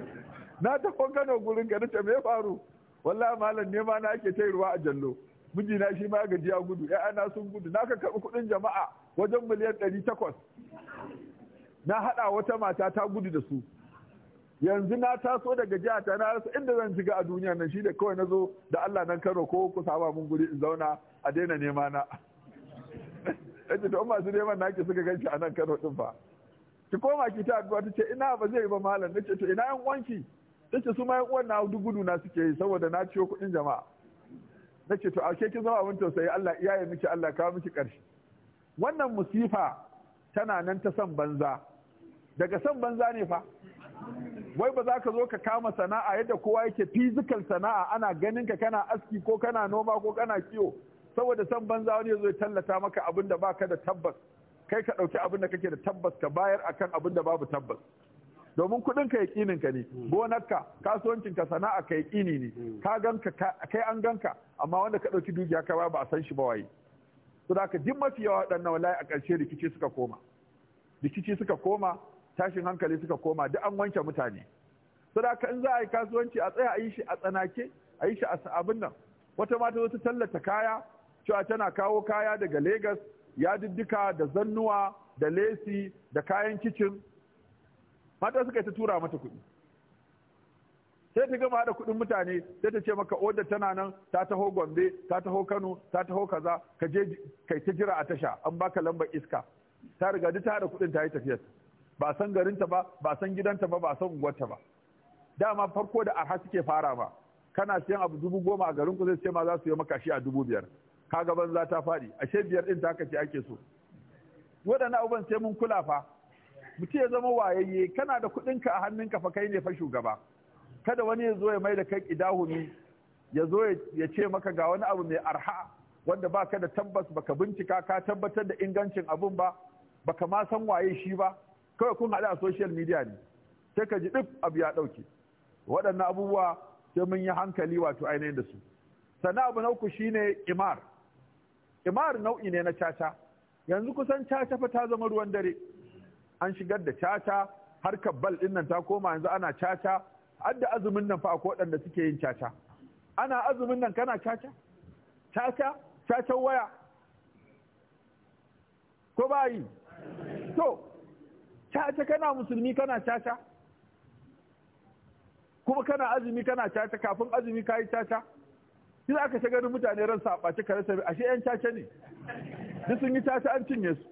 na taho gano gurin ga nace me faru wallahi malam ne ma na ake tai a jallo mijina shi ma gaji ya gudu na sun gudu na ka karɓi kuɗin jama'a wajen miliyan 800 na hada wata mata ta gudu da su yanzu na taso daga jiha ta na rasa inda zan shiga a duniya nan shi da kawai na zo da Allah nan Kano ko ku saba mun guri in zauna a daina nema na yace to masu neman naki suka shi a nan Kano din fa ki koma ki ta addu'a tace ina ba zai ba malam nace to ina yan wanki tace su ma yan uwan na gudu na suke yi saboda na ciyo kuɗin jama'a nace to a ke kin zama abin tausayi Allah iyaye miki Allah kawo miki karshe. wannan musifa tana nan ta san banza daga san banza ne fa wai ba za ka zo ka kama sana'a yadda kowa yake physical sana'a ana ganin ka kana aski ko kana noma ko kana kiwo saboda san banza wani ya zo ya tallata maka abin da baka da tabbas kai ka ɗauki abin da kake da tabbas ka bayar akan abin da babu tabbas domin kuɗin ka yaƙinin ka ne gonarka kasuwancin ka sana'a ka yaƙini ne ka ganka kai an ganka amma wanda ka ɗauki dukiya ka ba a san shi ba waye su da ka duk mafi yawa waɗannan wallahi a ƙarshe rikici suka koma rikici suka koma tashin hankali suka koma duk an wanke mutane su da ka in za a yi kasuwanci a tsaya a yi shi a tsanake a yi shi a abin nan wata mata zo ta tallata kaya cewa tana kawo kaya daga Legas ya diddika da zannuwa da lesi da kayan kicin mata suka yi ta tura mata kuɗi sai ta gama da kuɗin mutane sai ta ce maka oda tana nan ta taho gombe ta taho kano ta taho kaza ka je kai ta jira a tasha an baka lambar iska ta riga duk ta haɗa kuɗin ta yi tafiyar ba san garinta ba ba san gidanta ba ba san unguwarta ba dama farko da arha suke fara ba. kana siyan abu dubu goma a garin ku zai ce ma za su yi maka shi a dubu biyar Ka ga banza ta faɗi ashe biyar din ta ce ake so waɗannan abubuwan sai mun kula fa mutum ya zama wayayye kana da kuɗinka a hannunka fa kai ne fa shugaba kada wani ya zo ya mai da kai kidahumi ya zo ya ce maka ga wani abu mai arha wanda ba ka da tabbas baka bincika ka tabbatar da ingancin abun ba baka ma san waye shi ba kawai kun haɗu a social media ne sai ka ji duk abu ya ɗauke waɗannan abubuwa sai mun yi hankali wato ainihin da su sannan abu na uku shine imar imar nau'i ne na caca yanzu kusan caca fa ta zama ruwan dare an shigar da caca harkar bal ɗin ta koma yanzu ana caca adda azumin nan fa akwai waɗanda suke yin caca ana azumin nan kana caca caca cacan waya ko ba yi to caca kana musulmi kana caca kuma kana azumi kana caca kafin azumi kayi caca shi aka shiga ganin mutane ran saɓace kare sabi ashe yan caca ne duk sun yi caca an cinye su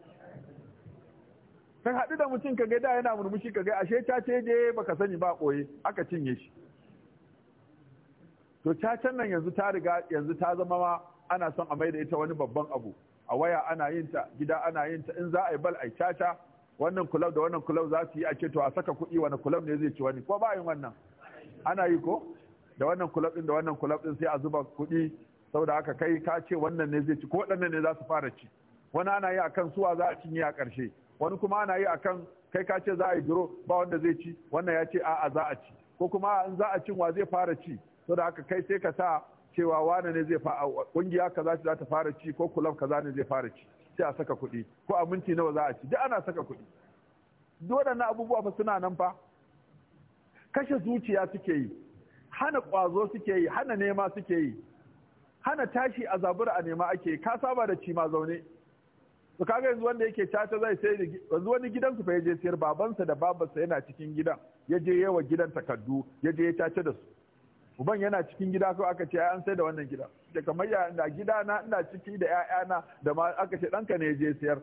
ka haɗu da mutum ka ga da yana murmushi ka ga ashe cace je baka sani ba ɓoye aka cinye shi to cacen nan yanzu ta riga yanzu ta zama ma ana son a maida ita wani babban abu a waya ana yin ta gida ana yin ta in za a yi bal a caca wannan kulab da wannan kulab za su yi ake to a saka kuɗi wani kulab ne zai ci wani ko ba yin wannan ana yi ko da wannan kulab din da wannan kulab din sai a zuba kuɗi saboda haka kai ka ce wannan ne zai ci ko waɗannan ne za su fara ci wani ana yi a kan suwa za a cinye a ƙarshe wani kuma ana yi akan kai ka ce za a yi duro ba wanda zai ci wannan ya ce a'a za a ci ko kuma in za a cin wa zai fara ci to da haka kai sai ka sa cewa wane ne zai fara kungiya kaza za ta fara ci ko kulab kaza ne zai fara ci sai a saka kuɗi ko a minti nawa za a ci duk ana saka kuɗi duk na abubuwa fa suna nan fa kashe zuciya suke yi hana ƙwazo suke yi hana nema suke yi hana tashi a zabura a nema ake ka saba da ci ma zaune to kaga yanzu wanda yake caca zai sai da yanzu wani gidan ku fa je sayar babansa da babansa yana cikin gidan ya je yawa gidan takaddu ya je ya caca da su uban yana cikin gida ko aka ce an sai da wannan gida da kamar ya da gida na ina ciki da ƴaƴana da ma aka ce danka ne ya je sayar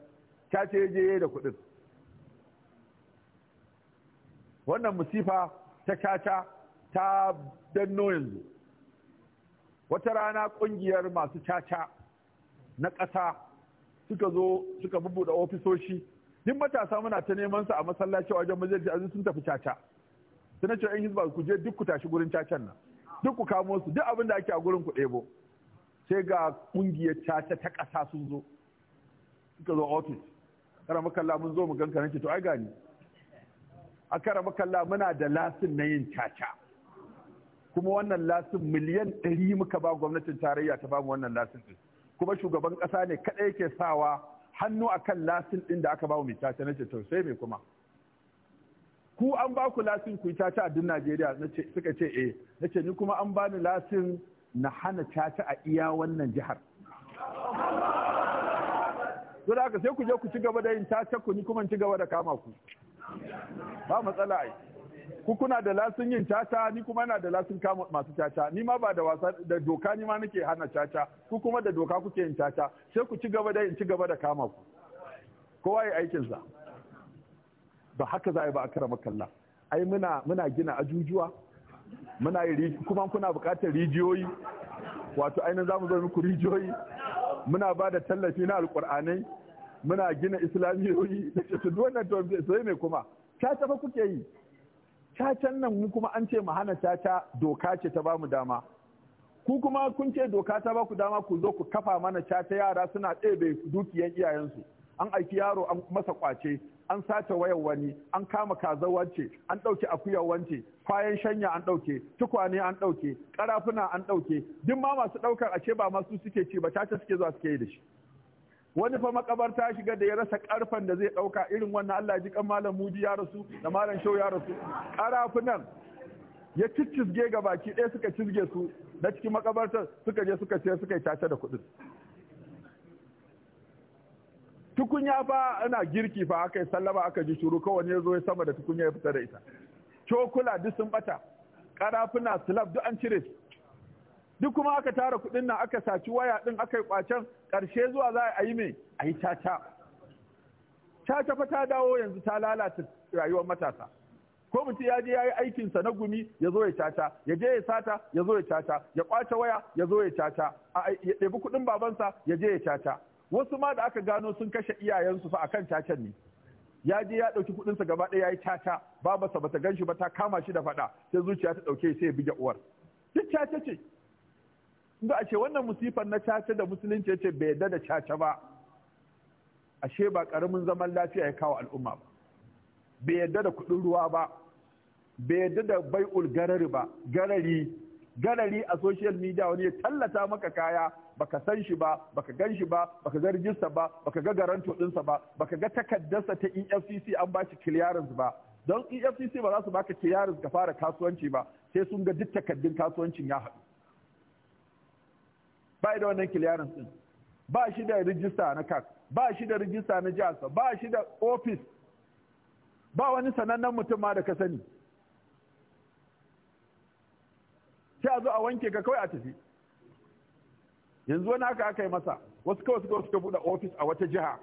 caca ya je da kuɗin wannan musifa ta caca ta danno yanzu wata rana ƙungiyar masu caca na ƙasa suka zo suka bubuɗe ofisoshi duk matasa muna ta neman su a masallaci wajen majalisi azu sun tafi caca sai ce yan hizba ku je duk ku tashi gurin cacan nan duk ku kamo su duk abin da ake a gurin ku ɗebo sai ga kungiyar caca ta ƙasa sun zo suka zo ofis kara makalla mun zo mu ganka nake to ai gani a kara makalla muna da lasin na yin caca kuma wannan lasin miliyan ɗari muka ba gwamnatin tarayya ta bamu wannan lasin ɗin kuma shugaban ƙasa ne kaɗai yake sawa hannu akan lasin ɗin da aka ba mu mai caca na ce tausayi sai kuma ku an ba ku lasin ku yi caca a duk Najeriya suka ce eh na ce ni kuma an ba ni lasin na hana caca a iya wannan jihar don aka sai ku je ku ci gaba da yin caca ku ni kuma ci gaba da kama ku ba matsala ai ku kuna da lasin yin caca ni kuma na da lasin kama masu caca ni ma ba da wasa da doka ni ma nake hana caca ku kuma da doka kuke yin caca sai ku ci gaba da in ci gaba da kama ku kowa ya aikin sa ba haka za a yi ba a karama kalla ai muna muna gina ajujuwa muna yi kuma kuna buƙatar rijiyoyi wato ainihin mu zo muku rijiyoyi muna ba da tallafi na alƙur'anai muna gina islamiyoyi da su wannan to sai mai kuma caca fa kuke yi cacan nan mu kuma an ce mu hana caca doka ce ta ba mu dama ku kuma kun ce doka ta ba ku dama ku zo ku kafa mana caca yara suna ɗebe dukiyar iyayensu an aiki yaro an masa kwace an sace wayar wani an kama kaza wance an ɗauke akuyar wance kwayan shanya an ɗauke tukwane an ɗauke ƙarafuna an ɗauke duk ma masu ɗaukar ashe ba masu suke ci ba caca suke zuwa suke yi da shi wani fa makabarta shiga da ya rasa karfan da zai dauka irin wannan Allah ji kan malam Muji ya rasu da malam Shau ya rasu karafunan ya ciccizge ga baki ɗaya suka cizge su na cikin makabartar suka je suka ce suka yi tace da kuɗin tukunya fa ana girki fa aka yi sallama aka ji shuru kawai ya zo sama da tukunya ya fita da ita cokula duk sun bata karafuna slab duk an cire duk kuma aka tara kuɗin nan aka saci waya ɗin aka yi ƙwacen ƙarshe zuwa za a yi mai a yi caca caca fa ta dawo yanzu ta lalata rayuwar matasa ko mutum ya je ya yi aikinsa na gumi ya zo ya caca ya je ya sata ya zo ya caca ya ƙwace waya ya zo ya caca ya ɗebi kuɗin babansa ya je ya caca wasu ma da aka gano sun kashe iyayensu fa akan cacan ne ya je ya ɗauki kuɗinsa gaba ɗaya ya yi caca babarsa bata gan shi ba ta kama shi da faɗa sai zuciya ta ɗauke sai ya buge uwar duk caca ce inda a ce wannan musifar na caca da musulunci ya ce bai da caca ba ashe ba karamin zaman lafiya ya kawo al'umma ba bai yadda da kuɗin ruwa ba bai yadda da bai'ul garari ba garari garari a social media wani ya tallata maka kaya baka san shi ba baka gan shi ba baka ga rijista ba baka ga garanto ɗinsa ba baka ga takaddarsa ta EFCC an ba shi clearance ba don EFCC ba za su baka clearance ka fara kasuwanci ba sai sun ga duk takaddun kasuwancin ya haɗu ba da wannan kiliyarin din ba shi da rijista na kak ba shi da rijista na jasa ba shi da ofis ba wani sanannen mutum ma da ka sani sai a zo a wanke ka kawai a tafi yanzu wani haka aka yi masa wasu kawai suka suka buɗe ofis a wata jiha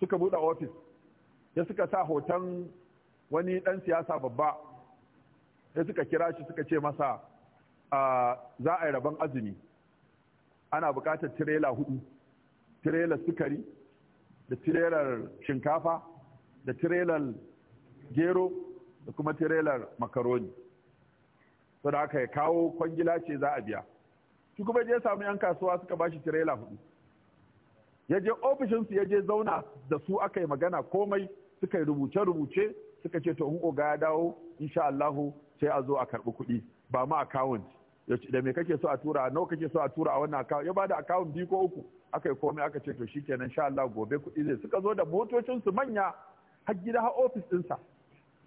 suka buɗe ofis ya suka sa hoton wani ɗan siyasa babba ya suka kira shi suka ce masa ah, za a yi rabon azumi ana bukatar tirela hudu tirelar sukari da tirelar shinkafa da tirelar gero da kuma tirelar makaroni so da aka kawo kwangila ce za a biya shi kuma je samu yan kasuwa suka bashi tirela hudu ya je ofishinsu ya je zauna da su aka yi magana komai suka yi rubuce-rubuce suka ce to in oga ya dawo insha Allahu sai a zo a karɓi kuɗi ba ma account da me kake so a tura nawa kake so a tura a wannan account ya bada account biyu ko uku aka yi komai aka ce to shikenan sha Allah gobe kuɗi zai suka zo da motocin su manya har gida har office sa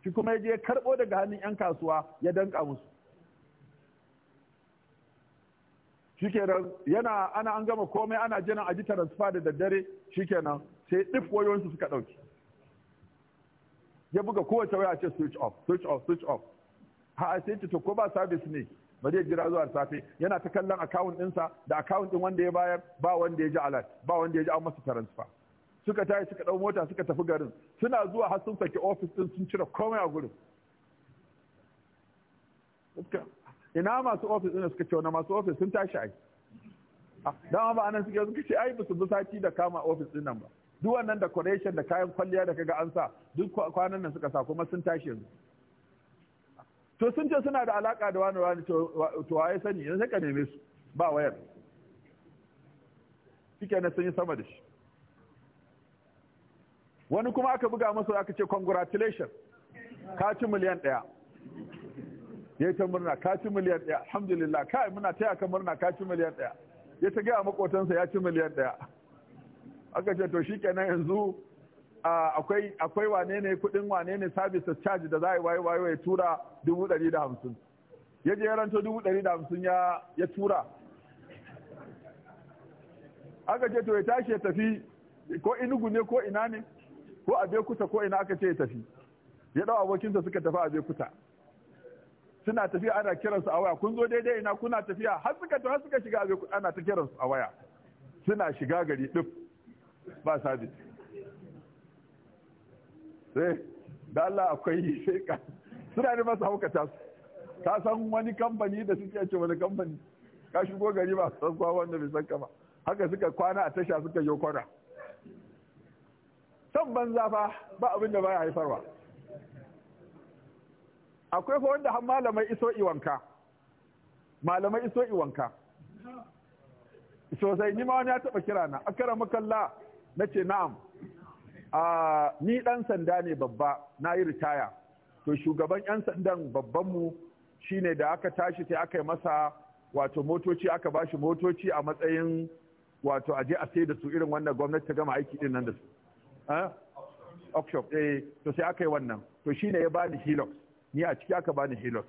shi kuma ya je karbo daga hannun yan kasuwa ya danka musu shikenan yana ana an gama komai ana jiran a ji transfer da daddare shikenan sai dif wayoyinsu suka ɗauki ya buga kowace waya ce switch off switch off switch off ha sai ta ko ba service ne ba zai jira zuwa safe yana ta kallon akawun ɗinsa da akawun ɗin wanda ya bayar ba wanda ya ji alat ba wanda ya ji an masa transfer suka tayi suka ɗau mota suka tafi garin suna zuwa har sun saki ofis ɗin sun cire komai a gurin ina masu ofis ɗin suka ce wani masu ofis sun tashi ai ah, dama ba anan suke suka ce ai ba su bi sati da kama ofis ɗin nan ba duk wannan decoration da kayan kwalliya da kaga an sa duk kwanan nan suka sa kuma sun tashi yanzu to sun ce suna da alaka da wani wani to waye sani yanzu ka neme su ba wayar shike na sun yi sama da shi wani kuma aka buga masu aka ce congratulation ka ci miliyan ɗaya ya ta murna ka ci miliyan ɗaya alhamdulillah kai muna taya ka murna ka ci miliyan ɗaya ya ta gaya makotansa ya ci miliyan ɗaya aka ce to na yanzu akwai akwai wane ne kudin wane ne service charge da za a yi waye ya tura dubu ɗari da hamsin ya je ranto dubu ɗari da hamsin ya tura aka ce to ya tashi ya tafi ko inugu ne ko ina ne ko abe kuta ko ina aka ce ya tafi ya ɗau abokinsa suka tafi abe kuta suna tafiya ana kiransu a waya kun zo daidai ina kuna tafiya har suka har suka shiga abe kuta ana ta kiransu a waya suna shiga gari ɗin ba sabis sai eh, da Allah akwai sai ka suna da masa haukata su ka san wani kamfani da suke ce wani kamfani ka shigo gari ba san kwa wanda bai san ka ba haka suka kwana a tasha suka yi kwana san banza fa ba abin da baya haifarwa akwai fa wanda har malamai iso iwanka malamai iso iwanka sosai ni ma wani ya taba kira na akara makalla na ce na'am a ni ɗan sanda ne babba na yi ritaya to shugaban yan sandan babbanmu shi shine da aka tashi sai aka yi masa wato motoci aka bashi motoci a matsayin wato aje a sai da su irin wannan gwamnati ta gama aiki din nan da su eh? Oxshop eh to sai aka yi wannan to shine ya bani Hilux ni a ciki aka bani Hilux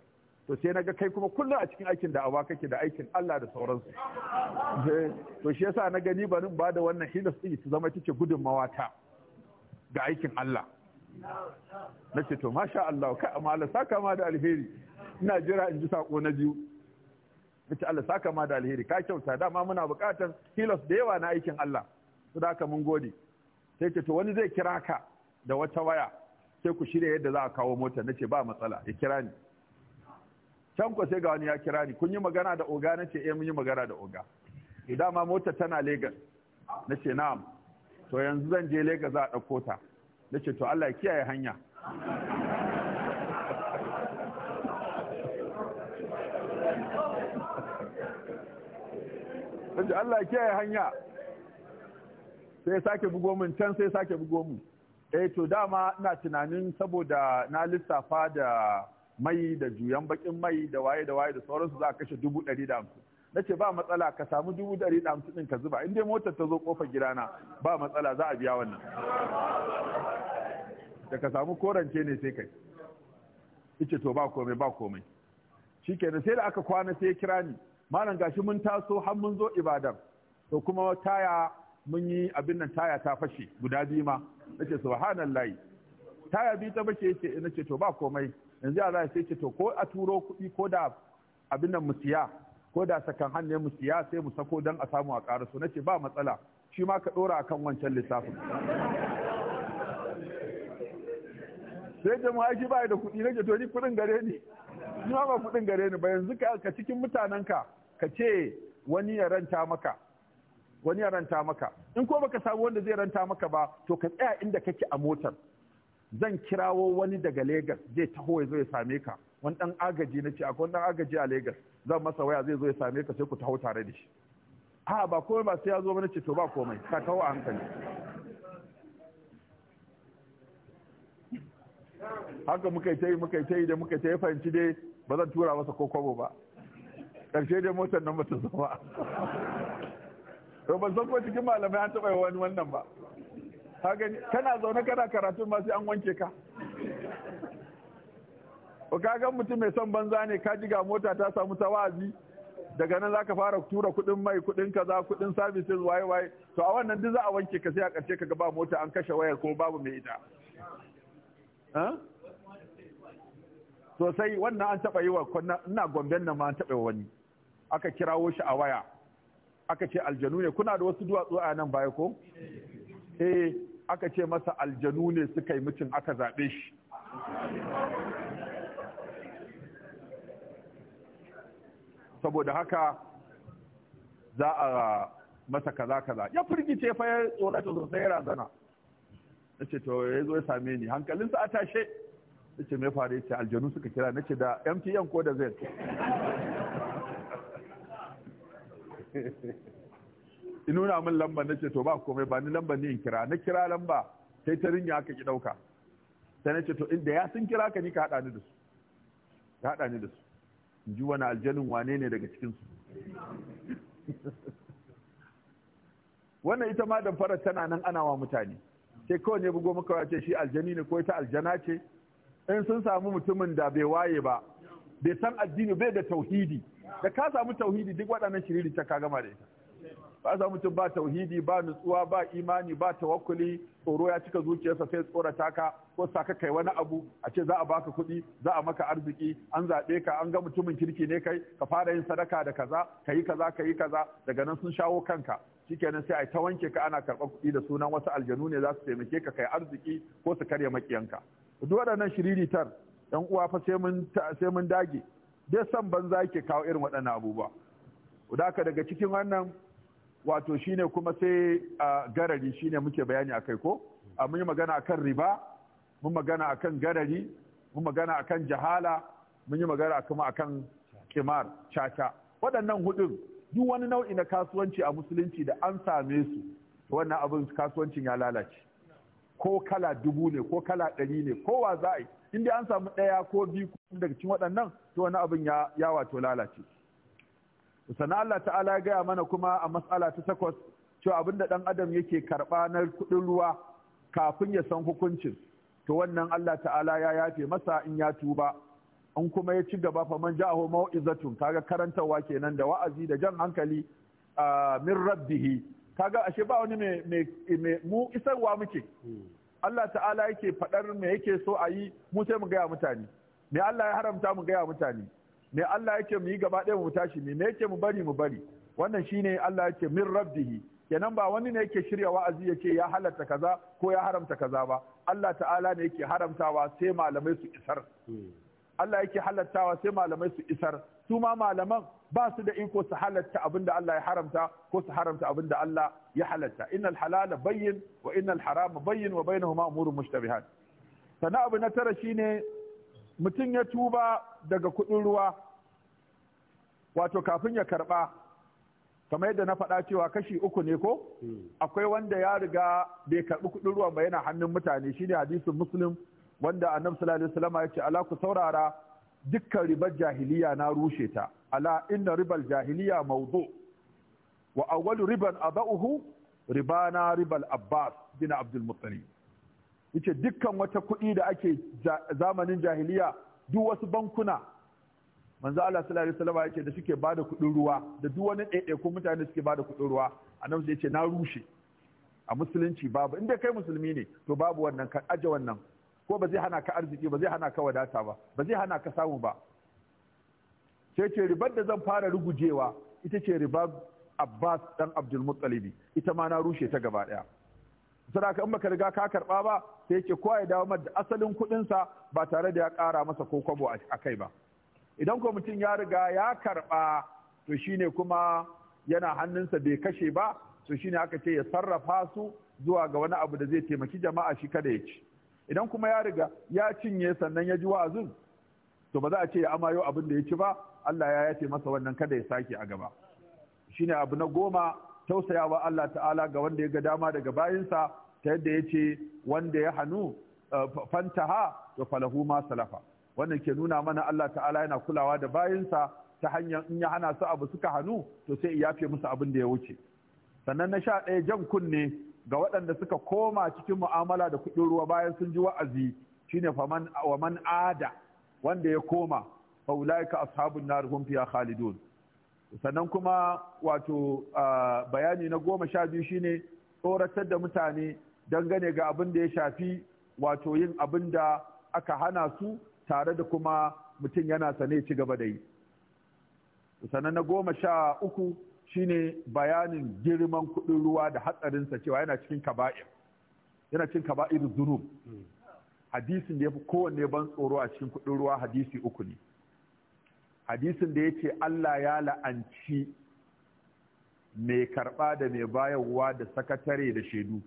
to sai na ga kai kuma kullum a cikin aikin da awa kake da aikin Allah da sauransu eh, to shi yasa na gani barin ba da wannan Hilux din su zama tace gudunmawa ta da aikin Allah na ce to masha Allah kai amma Allah saka ma da alheri ina jira in ji sako na biyu na ce Allah saka ma da alheri ka kyauta dama muna buƙatar hilos da yawa na aikin Allah su da mun gode sai ce to wani zai kira ka da wata waya sai ku shirya yadda za a kawo mota na ce ba matsala ya kira ni can ko sai ga wani ya kira ni kun yi magana da oga na ce eh mun yi magana da oga dama mota tana Legas na ce na'am to yanzu zan je Lagos a ɗauko ta da ce to Allah ya kiyaye hanya Sai Allah ya kiyaye hanya sai sake bugo min can sai sake bugo mun. eh to dama ina tunanin saboda na lissafa da mai da juyan bakin mai da waye da waye da sauransu za a kashe dubu ɗari da hamsin na ce ba matsala ka samu dubu ɗari da hamsin ka zuba in dai motar ta zo kofar gidana ba matsala za a biya wannan da ka samu korance ne sai kai ice to ba komai ba komai kenan sai da aka kwana sai kira ni malam gashi mun taso har mun zo ibadan to kuma taya mun yi abin nan taya ta fashe guda biyu ma nace subhanallahi taya biyu ta fashe yace eh, nace to ba komai yanzu Allah sai ce to ko a turo kuɗi ko da abin nan mu siya ko da sakan hannu mu siya sai mu sako don a samu a ƙaraso na ce ba matsala shi ma ka ɗora kan wancan lissafin sai mu shi ba da kuɗi na to ni kuɗin gare ni shi ma ba kuɗin gare ni ba yanzu ka cikin mutanenka ka ce wani ya ranta maka wani ya ranta maka in ko baka samu wanda zai ranta maka ba to ka tsaya inda kake a motar zan kirawo wani daga Legas zai taho ya zo ya same ka wani dan agaji na ce akwai wani dan agaji a Legas zan masa waya zai zo ya same ka sai ku taho tare da shi a ba komai ba sai ya zo mana ce to ba komai ka taho a hankali haka muka yi ta yi muka yi ta yi da muka ta yi fahimci dai ba zan tura masa ko kwabo ba ƙarshe dai motar nan bata zama to ban san ko cikin malamai an taɓa wani wannan ba kana zaune kana karatu ma sai an wanke ka kagan mutum mai son banza ne ka ji ga mota ta samu tawazi daga nan za ka fara tura kuɗin mai kuɗin kaza kuɗin services waye waye to a wannan duk za a wanke ka sai a ka ga ba mota an kashe wayar ko babu mai ita sosai wannan an taɓa yi wa ina gomben nan ma an taɓa wani aka kirawo shi a waya aka ce aljanu ne kuna da wasu duwatsu a nan baya ko eh aka ce masa aljanu ne suka yi mutum aka zaɓe shi saboda haka za a masa kaza kaza ya firgice fa ya tsorata sosai ya razana nace to ya zo ya same ni hankalinsa a tashe nace mai faru ce aljanu suka kira nace da MTN ko da zai in nuna min lamba nace to ba komai ba ni lamba ni in kira na kira lamba sai ta rinya aka ki dauka sai nace to inda ya sun kira ka ni ka hada ni da su ka hada ni da su ji wani aljanin wane ne daga cikinsu wannan ita ma damfarar tana nan ana wa mutane sai kawai ne bugo maka ce shi aljani ne ko ita aljana ce in sun samu mutumin da bai waye ba bai san addini bai da tauhidi da ka samu tauhidi duk waɗannan shiriri ta ka gama da ita ba za mutum ba tauhidi ba nutsuwa ba imani ba tawakkuli tsoro ya cika zuciyarsa sai tsorata ka ko ka kai wani abu a ce za a baka kuɗi za a maka arziki an zaɓe ka an ga mutumin kirki ne kai ka fara yin sadaka da kaza ka yi kaza ka yi kaza daga nan sun shawo kanka shikenan sai a ta wanke ka ana karɓar kuɗi da sunan wasu aljanu ne za su taimake ka kai arziki ko su karya makiyanka duk waɗannan shiriritar yan uwa fa sai mun dage dai san banza ke kawo irin waɗannan abubuwa. udaka daga cikin wannan wato shine kuma sai a garari shine muke bayani a kai ko mun yi magana akan riba mun magana akan garari mun magana akan jahala mun yi magana kuma akan kimar caca waɗannan hudun duk wani nau'i na kasuwanci a musulunci da an same su wannan abin kasuwancin ya lalace ko kala dubu ne ko kala ɗari ne ko za a yi in dai an samu ɗaya ko biyu daga cikin waɗannan to wani abin ya wato lalace sana Allah ta'ala ya gaya mana kuma a matsala ta takwas cewa abinda ɗan adam yake karɓa na kuɗin ruwa kafin ya san hukuncin to wannan Allah ta'ala ya yafe masa in ya tuba in kuma ya ci gaba fa man ja'ahu mau'izatun kaga karantawa kenan da wa'azi da jan hankali min rabbih kaga ashe ba wani me mu isarwa muke Allah ta'ala yake faɗar me yake so a yi mu sai mu gaya mutane me Allah ya haramta mu gaya mutane me Allah yake mu yi gaba ɗaya mu tashi me yake mu bari mu bari wannan shine Allah yake min rabbihi kenan ba wani ne yake shirya wa'azi ya ce ya halatta kaza ko ya haramta kaza ba Allah ta'ala ne yake haramtawa sai malamai su isar Allah yake halattawa sai malamai su isar su ma malaman ba su da iko su halatta abin da Allah ya haramta ko su haramta abin da Allah ya halatta innal halala bayyin wa innal harama bayyin wa bainahuma umurun mushtabihat sana abu na tara shine mutum ya tuba daga kuɗin ruwa wato kafin ya karɓa kamar yadda na faɗa cewa kashi uku ne ko hmm. akwai wanda ya riga bai karɓi kuɗin ruwa ba yana hannun mutane shine hadisin muslim wanda annabi sallallahu alaihi wasallam ya ce ala ku saurara dukkan ribar jahiliya na rushe ta ala inna ribal jahiliya mawdu wa awwalu riban adahu ribana ribal abbas bin abdul muttalib yace dukkan wata kuɗi da ake zamanin jahiliya duk wasu bankuna manzo Allah sallallahu alaihi wasallam yace da suke bada kuɗin ruwa da duk wani ko mutane suke bada kuɗin ruwa annabi sai ce na rushe a musulunci babu inda kai musulmi ne to babu wannan ka aje wannan ko ba zai hana ka arziki ba zai hana ka wadata ba ba zai hana ka samu ba sai ce ribar da zan fara rugujewa ita ce ribar Abbas dan Abdul Muttalib ita ma na rushe ta gaba ɗaya sadaka in baka riga ka karba ba sai yake ko ya dawo da asalin kuɗin sa ba tare da ya kara masa ko kwabo a kai ba idan ko mutum ya riga ya karba to shine kuma yana hannunsa bai kashe ba to shine aka ce ya sarrafa su zuwa ga wani abu da zai taimaki jama'a shi kada ya ci idan kuma ya riga ya cinye sannan ya ji wa'azin to ba za a ce ya amayo abin da ya ci ba Allah ya yace masa wannan kada ya sake a gaba shine abu na goma tausayawa Allah ta'ala ga wanda ya ga dama daga bayinsa ta yadda ya ce wanda ya hannu eh, fantaha to falahu ma salafa wannan ke nuna mana Allah ta'ala yana kulawa da bayinsa ta hanyar in ya hana su abu suka hannu to sai ya yafe musu abin da ya wuce sannan na sha ɗaya jan kunne ga waɗanda suka koma cikin mu'amala da kuɗin ruwa bayan sun ji wa'azi shine faman wa man ada wanda ya koma fa ulaika ashabun nar hum fiha khalidun sannan kuma wato bayani na goma sha biyu shine tsoratar da mutane dangane ga abin da ya shafi wato yin abin da aka hana su tare da kuma mutum yana sane ci gaba da yi sannan na goma sha uku shine bayanin girman kuɗin ruwa da hatsarinsa cewa yana cikin kaba'ir yana cikin kaba'ir zunub hmm. hadisin da ya fi kowanne ban tsoro a cikin kuɗin ruwa hadisi uku ne hadisin da ya ce Allah ya la'anci mai karɓa da mai bayarwa da sakatare da shaidu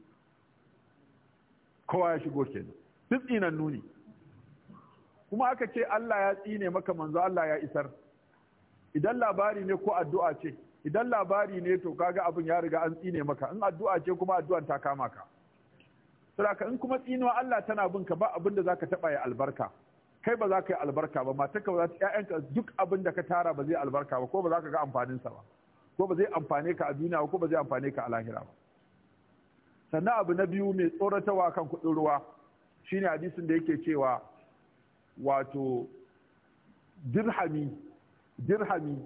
kowa ya shigo kenan duk nuni kuma aka ce Allah ya tsine maka manzo Allah ya isar idan labari ne ko addu'a ce idan labari ne to kaga abin ya riga an tsine maka in addu'a ce kuma addu'an ta kama ka saboda in kuma tsinuwa Allah tana bin ka ba abin da zaka taba ya albarka kai ba za ka yi albarka ba matarka ba za ta ƴaƴanka duk abin da ka tara ba zai albarka ba ko ba za ka ga amfanin sa ba ko ba zai amfane ka a duniya ba ko ba zai amfane ka a lahira ba sannan abu na biyu mai tsoratawa kan kuɗin ruwa shine hadisin da yake cewa wato dirhami dirhami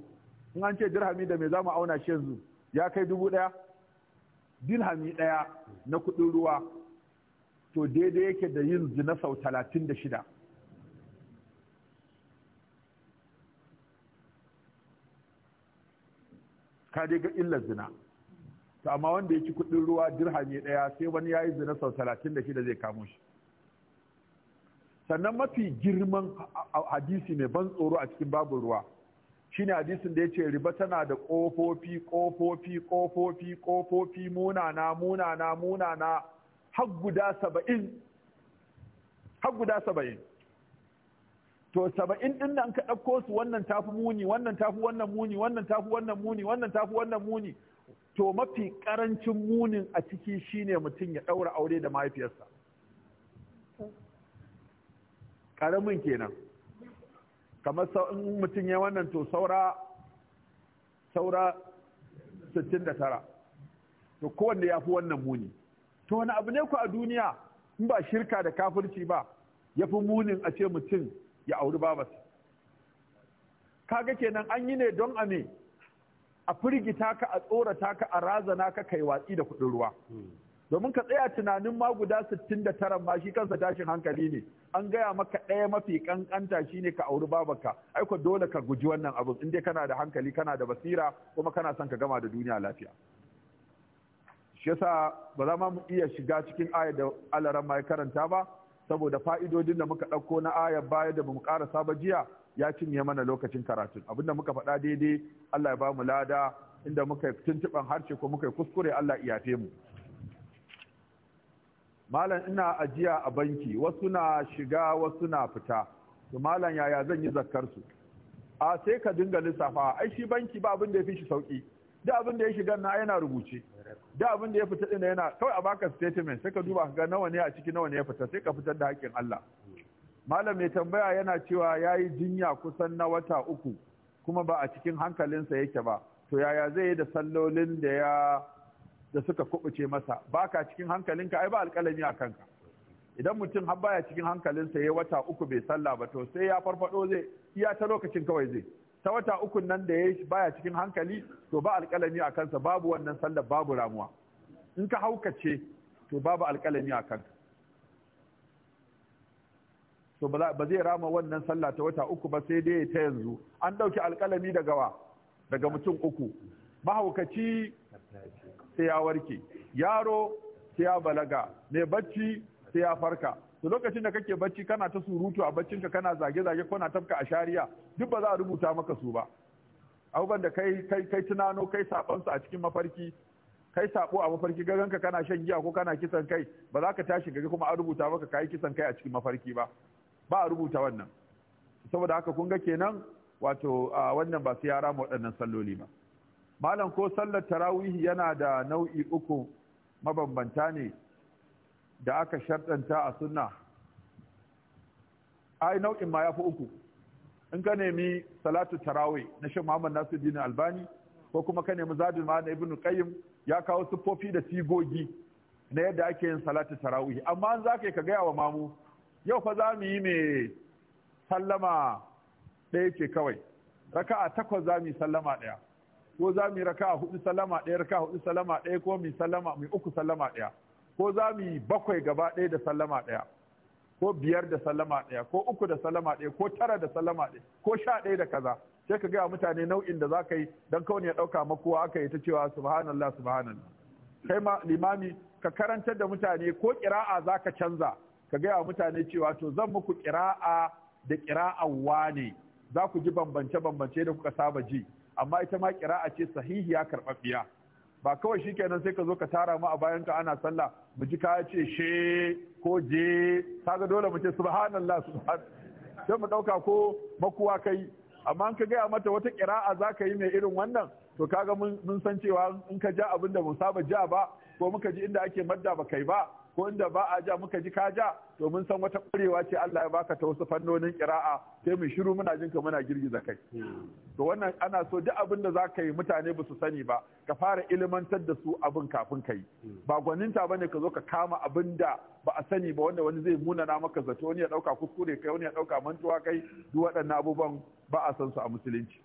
in an ce dirhami da me zamu auna shi yanzu ya kai dubu ɗaya dirhami ɗaya na kuɗin ruwa to daidai yake da yin zina sau talatin da shida ka dai ga illar zina to amma wanda ya ci kuɗin ruwa dirhami ɗaya sai wani ya yi zina sau talatin da zai kamo shi sannan mafi girman hadisi mai ban tsoro a cikin babu ruwa shine hadisin da yace riba tana da kofofi ƙofofi ƙofofi ƙofofi munana munana munana har guda 70 har guda saba'in to saba'in din nan ka ɗauko su wannan tafi muni wannan tafi wannan muni wannan tafi wannan muni wannan tafi wannan muni to mafi ƙarancin munin a ciki shine mutum ya ɗaura aure da mahaifiyarsa ƙaramin kenan kamar in mutum ya wannan to saura saura 69 to kowanne ya fi wannan muni to wani abu ne ku a duniya in ba shirka da kafirci ba ya fi munin a ce mutum ya auri babarsa kaga kenan an yi ne don a me a firgita ka a tsorata ka a razana ka kai watsi da kuɗin ruwa domin ka tsaya tunanin ma guda sittin 69 ma shi kansa tashin hankali ne an gaya maka ɗaya mafi kankanta ne ka auri babarka aiko dole ka guji wannan abu. in dai kana da hankali kana da basira kuma kana son ka gama da duniya lafiya shi yasa ba za mu iya shiga cikin ayar da alaran ma ya karanta ba saboda fa'idodin da muka ɗauko na aya baya da bamu ƙara saba jiya ya cinye mana lokacin karatun abinda muka faɗa daidai Allah ya bamu lada inda muka tuntuɓan harshe ko muka kuskure Allah ya mu malam ina ajiya a banki wasu na shiga wasu na fita to malam yaya zan yi zakkar su a sai ka dinga lissafa ai shi banki ba abin da ya fi shi sauki da abin da ya shiga na yana rubuce da abin da ya fita din yana kawai a baka statement sai ka duba ka ga nawa ne a ciki nawa ne ya fita sai ka fitar da hakkin Allah malam mai tambaya yana cewa yayi jinya kusan na wata uku kuma ba a cikin hankalinsa yake ba to yaya zai yi da sallolin da ya da suka kubuce masa baka cikin hankalinka ai ba alƙalami a kanka idan mutum har baya cikin hankalinsa ya wata uku bai sallah ba to sai ya farfado zai iya ta lokacin kawai zai ta wata uku nan da ya yi baya cikin hankali to ba alƙalami a kansa babu wannan sallar babu ramuwa in ka haukace to babu alƙalami a kanka to ba zai rama wannan sallah ta wata uku ba sai dai ta yanzu an ɗauki alƙalami daga wa daga mutum uku mahaukaci sai ya warke yaro sai ya balaga mai bacci sai ya farka to lokacin da kake bacci kana ta surutu a baccinka kana zage-zage kana tafka a shari'a duk ba za a rubuta maka su ba abubuwan da kai kai kai tunano kai a cikin mafarki kai sabo a mafarki gaganka kana shan giya ko kana kisan kai ba za ka tashi gari kuma a rubuta maka kai kisan kai a cikin mafarki ba ba a rubuta wannan saboda haka kun ga kenan wato wannan ba su yara waɗannan salloli ba malam ko sallar tarawihi yana da nau'i uku mabambanta ne da aka shardanta a sunna ai nau'in ma ya fi uku in ka nemi salatu tarawe na shan muhammad nasiruddin albani ko kuma ka nemi ma na ibn qayyim ya kawo siffofi da sigogi na yadda ake yin salatu tarawe? amma an zaka ka gaya wa mamu yau fa za mu yi mai sallama ɗaya ce kawai raka'a takwas za mu yi sallama ɗaya ko za mu yi raka'a hudu sallama ɗaya raka'a hudu sallama ɗaya ko mu yi sallama mu uku sallama ɗaya ko za mu yi bakwai gaba ɗaya da sallama ɗaya ko biyar da sallama ɗaya ko uku da sallama ɗaya ko tara da sallama ɗaya ko sha ɗaya da kaza sai ka gaya mutane nau'in da za ka yi don kawai ya ɗauka makuwa aka yi ta cewa subhanallah subhanallah kai ma limami ka karantar da mutane ko ƙira'a za ka canza ka gaya mutane cewa to zan muku ƙira'a da ƙira'a ne za ku ji bambance-bambance da kuka saba ji amma ita ma ƙira'a ce sahihiya karɓaɓɓiya ba kawai shi kenan sai ka zo ka tara mu a bayan ka ana sallah mu ji ka ce she ko je kaga dole mu ce subhanallah subhan sai mu dauka ko makuwa kai amma ka gaya mata wata kira'a za ka yi mai irin wannan to kaga mun san cewa in ka ja abin da mun saba ja ba ko muka ji inda ake madda ba kai ba ko inda ba a ja muka ji ka ja to mun san wata ƙwarewa ce Allah ya baka ta wasu fannonin ƙira'a sai mu shiru muna jinka muna girgiza kai to wannan ana so duk abin da zaka yi mutane ba su sani ba ka fara ilimantar da su abin kafin kai ba gwaninta bane ka zo ka kama abin da ba a sani ba wanda wani zai muna na maka zato wani ya dauka kuskure kai wani ya dauka mantuwa kai duk waɗannan abubuwan ba a san su a musulunci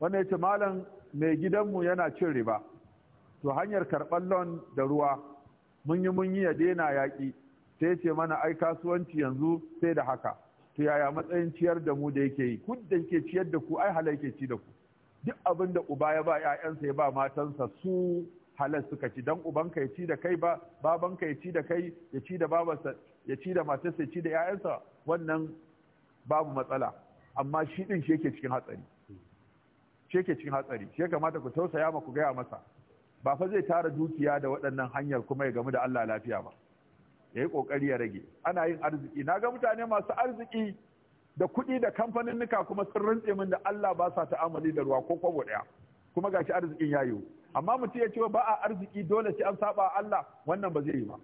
wannan yace malam mai gidanmu yana cin riba to hanyar karɓar lon da ruwa mun yi mun yi ya daina yaƙi sai ce mana ai kasuwanci yanzu sai da haka to yaya matsayin ciyar da mu da yake yi kun da yake ciyar da ku ai halal ke ci da ku duk abin da uba ya ba ƴaƴansa ya ba matansa su halal suka ci dan uban ya ci da kai ba babanka ya ci da kai ya ci da babarsa ya ci da matarsa ya ci da ƴaƴansa wannan babu matsala amma shi din shi yake cikin hatsari shi yake cikin hatsari shi kamata ku tausaya ma ku gaya masa ba fa zai tara dukiya da waɗannan hanyar kuma ya gamu da Allah lafiya ba ya yi ƙoƙari ya rage ana yin arziki na ga mutane masu arziki da kuɗi da kamfanin nuka kuma sun rantse min da Allah ba sa ta'amali da ruwa ko kwabo ɗaya kuma gashi arzikin ya yiwu amma mutum ya ce ba a arziki dole sai an saba Allah wannan ba zai yi ba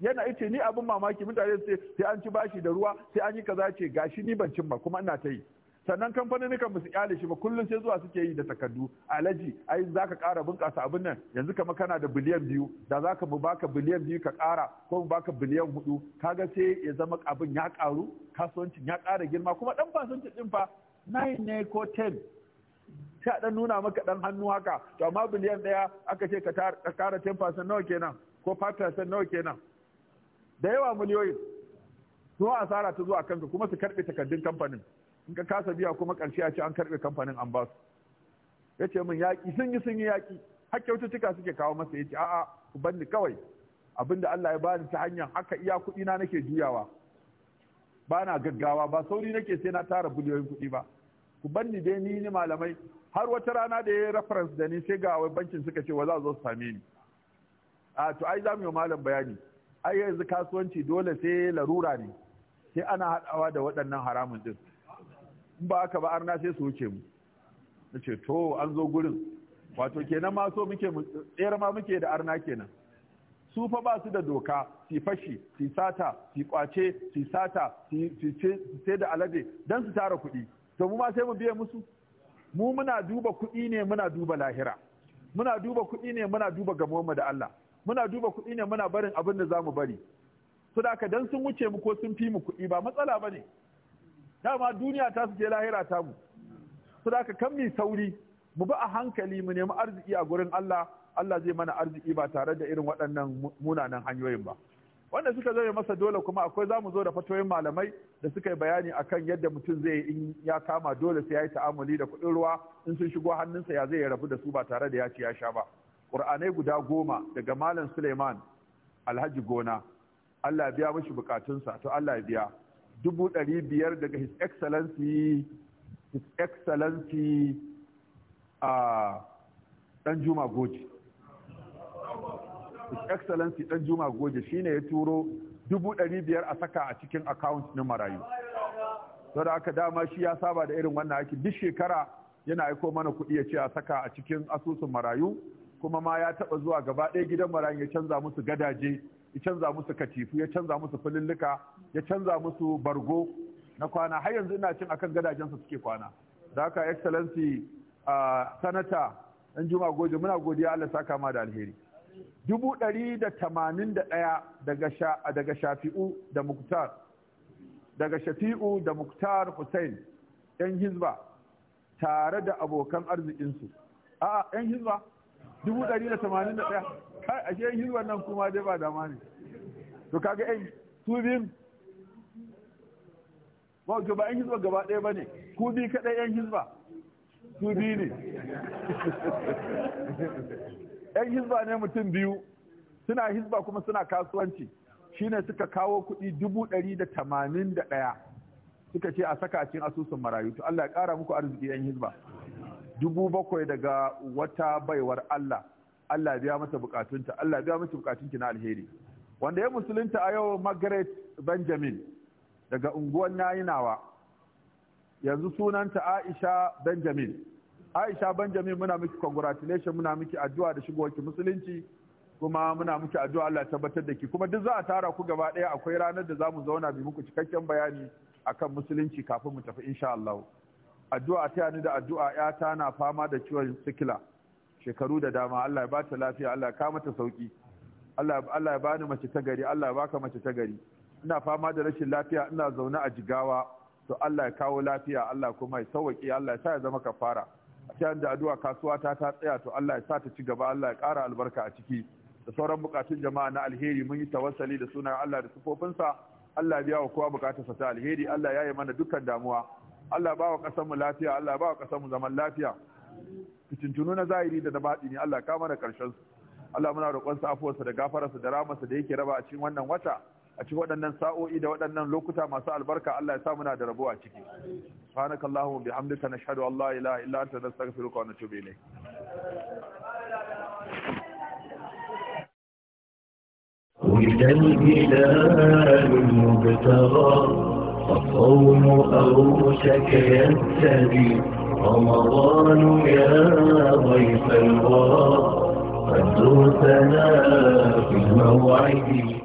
yana ita ni abin mamaki mutane sai an ci bashi da ruwa sai an yi kaza ce gashi ni ban cin ba kuma ina ta yi sannan kamfanin kan su kyale shi ba kullum sai zuwa suke yi da takardu alaji ai ka kara bunƙasa abin nan yanzu kama kana da biliyan biyu da za mu baka biliyan biyu ka kara ko mu baka biliyan hudu kaga sai ya zama abin ya ƙaru kasuwancin ya ƙara girma kuma dan kasuwancin din fa nine ne ko ten sai a dan nuna maka dan hannu haka to amma biliyan ɗaya aka ce ka ƙara ten percent nawa kenan ko five nawa kenan da yawa miliyoyin to asara ta zo a kanka kuma su karɓe takardun kamfanin in ka kasa biya kuma ƙarshe a ce an karɓe kamfanin an ba ya ce min yaƙi sun yi sun yi yaƙi har kyaututtuka suke kawo masa ya ce a'a ku ni kawai abinda Allah ya bani ta hanyar haka iya kuɗi na nake juyawa ba na gaggawa ba sauri nake sai na tara biliyoyin kuɗi ba ku banni dai ni ni malamai har wata rana da ya reference da ni sai ga wai bankin suka ce wa za zo su same ni a to ai za mu yi malam bayani ai yanzu kasuwanci dole sai larura ne sai ana haɗawa da waɗannan haramun din ba aka ba arna sai su wuce mu na ce to an zo gurin wato kenan ma so muke tsere ma muke da arna kenan su fa ba su da doka si fashi si sata si kwace si sata si sai da alade don su tara kuɗi to mu ma sai mu biya musu mu muna duba kuɗi ne muna duba lahira muna duba kuɗi ne muna duba gamonmu da Allah muna duba kuɗi ne muna barin abin da za mu bari su da dan sun wuce mu ko sun fi mu kuɗi ba matsala ba ne dama duniya ta su ce lahira ta mu su da kan mi sauri mu bi a hankali mu nemi arziki a gurin Allah Allah zai mana arziki ba tare da irin waɗannan munanan hanyoyin ba wanda suka zai masa dole kuma akwai zamu zo da fatoyin malamai da suka yi bayani akan yadda mutum zai in ya kama dole sai ya yi ta'amuli da kuɗin ruwa in sun shigo hannunsa ya zai rabu da su ba tare da ya ci ya sha ba ƙur'anai guda goma daga malam suleiman alhaji gona Allah biya mashi bukatunsa to Allah biya dubu ɗari biyar daga his excellency his excellency a ɗan juma goji his excellency ɗan juma goji shine ya turo dubu ɗari biyar a saka a cikin account na marayu saboda aka dama shi ya saba da irin wannan aiki duk shekara yana aiko mana kuɗi ya ce a saka a cikin asusun marayu kuma ma ya taɓa zuwa gaba ɗaya gidan marayu ya canza musu gadaje ya canza musu katifu ya canza musu fulillika ya canza musu bargo na kwana har yanzu ina cin akan gadajensa suke kwana da haka excellency uh, sanata dan juma goje muna godiya Allah saka ma da alheri dubu ɗari da tamanin da ɗaya daga shafi'u da muktar daga shafi'u da muktar hussein yan hizba tare da abokan arzikinsu a'a yan hizba dubu ɗari da tamanin da ɗaya kai ashe shi nan kuma dai ba dama ne to kaga yan su biyun ba ku ba yan hizba gaba ɗaya ba ne ku bi kaɗai yan hizba su bi ne yan hizba ne mutum biyu suna hizba kuma suna kasuwanci shine suka kawo kuɗi dubu ɗari da tamanin da ɗaya suka ce a saka cikin asusun marayu to Allah ya ƙara muku arziki yan hizba dubu bakwai daga wata baiwar Allah Allah biya mata bukatunta Allah biya mata bukatunki na alheri wanda ya musulunta a yau Margaret Benjamin daga unguwar Nayinawa yanzu sunanta Aisha Benjamin Aisha Benjamin muna miki congratulation muna miki addu'a da ki musulunci kuma muna miki addu'a Allah tabbatar da ki kuma duk za a tara ku gaba ɗaya akwai ranar da za mu zauna bi muku cikakken bayani akan musulunci kafin mu tafi insha Allah addu'a ta ni da addu'a yata na fama da ciwon sikila shekaru da dama Allah ya ba ta lafiya Allah ya kama ta sauki Allah Allah ya bani mace ta gari Allah ya baka mace ta gari ina fama da rashin lafiya ina zaune a jigawa to Allah ya kawo lafiya Allah kuma ya sauki Allah ya sa ya zama kafara a cikin da addu'a kasuwa ta ta tsaya to Allah ya sa ta ci gaba Allah ya ƙara albarka a ciki da sauran bukatun jama'a na alheri mun yi tawassali da sunan Allah da sufofinsa Allah ya biya wa kowa bukatarsa ta alheri Allah ya yi mana dukkan damuwa Allah ba wa ƙasar mu lafiya Allah ba wa ƙasar zaman lafiya fitintunu na zahiri da dabaɗi ne Allah kama mana ƙarshen su Allah muna roƙon sa afuwarsa da gafararsa da ramarsa da yake raba a cikin wannan wata a cikin waɗannan sa'o'i da waɗannan lokuta masu albarka Allah ya sa muna da rabo a ciki subhanakallahumma bihamdika nashhadu an la ilaha illa anta nastaghfiruka wa natubu ilayk ولد الهلال المبتغى الصوم أوشك يبتدي رمضان يا ضيف الورى قد زرتنا في الموعد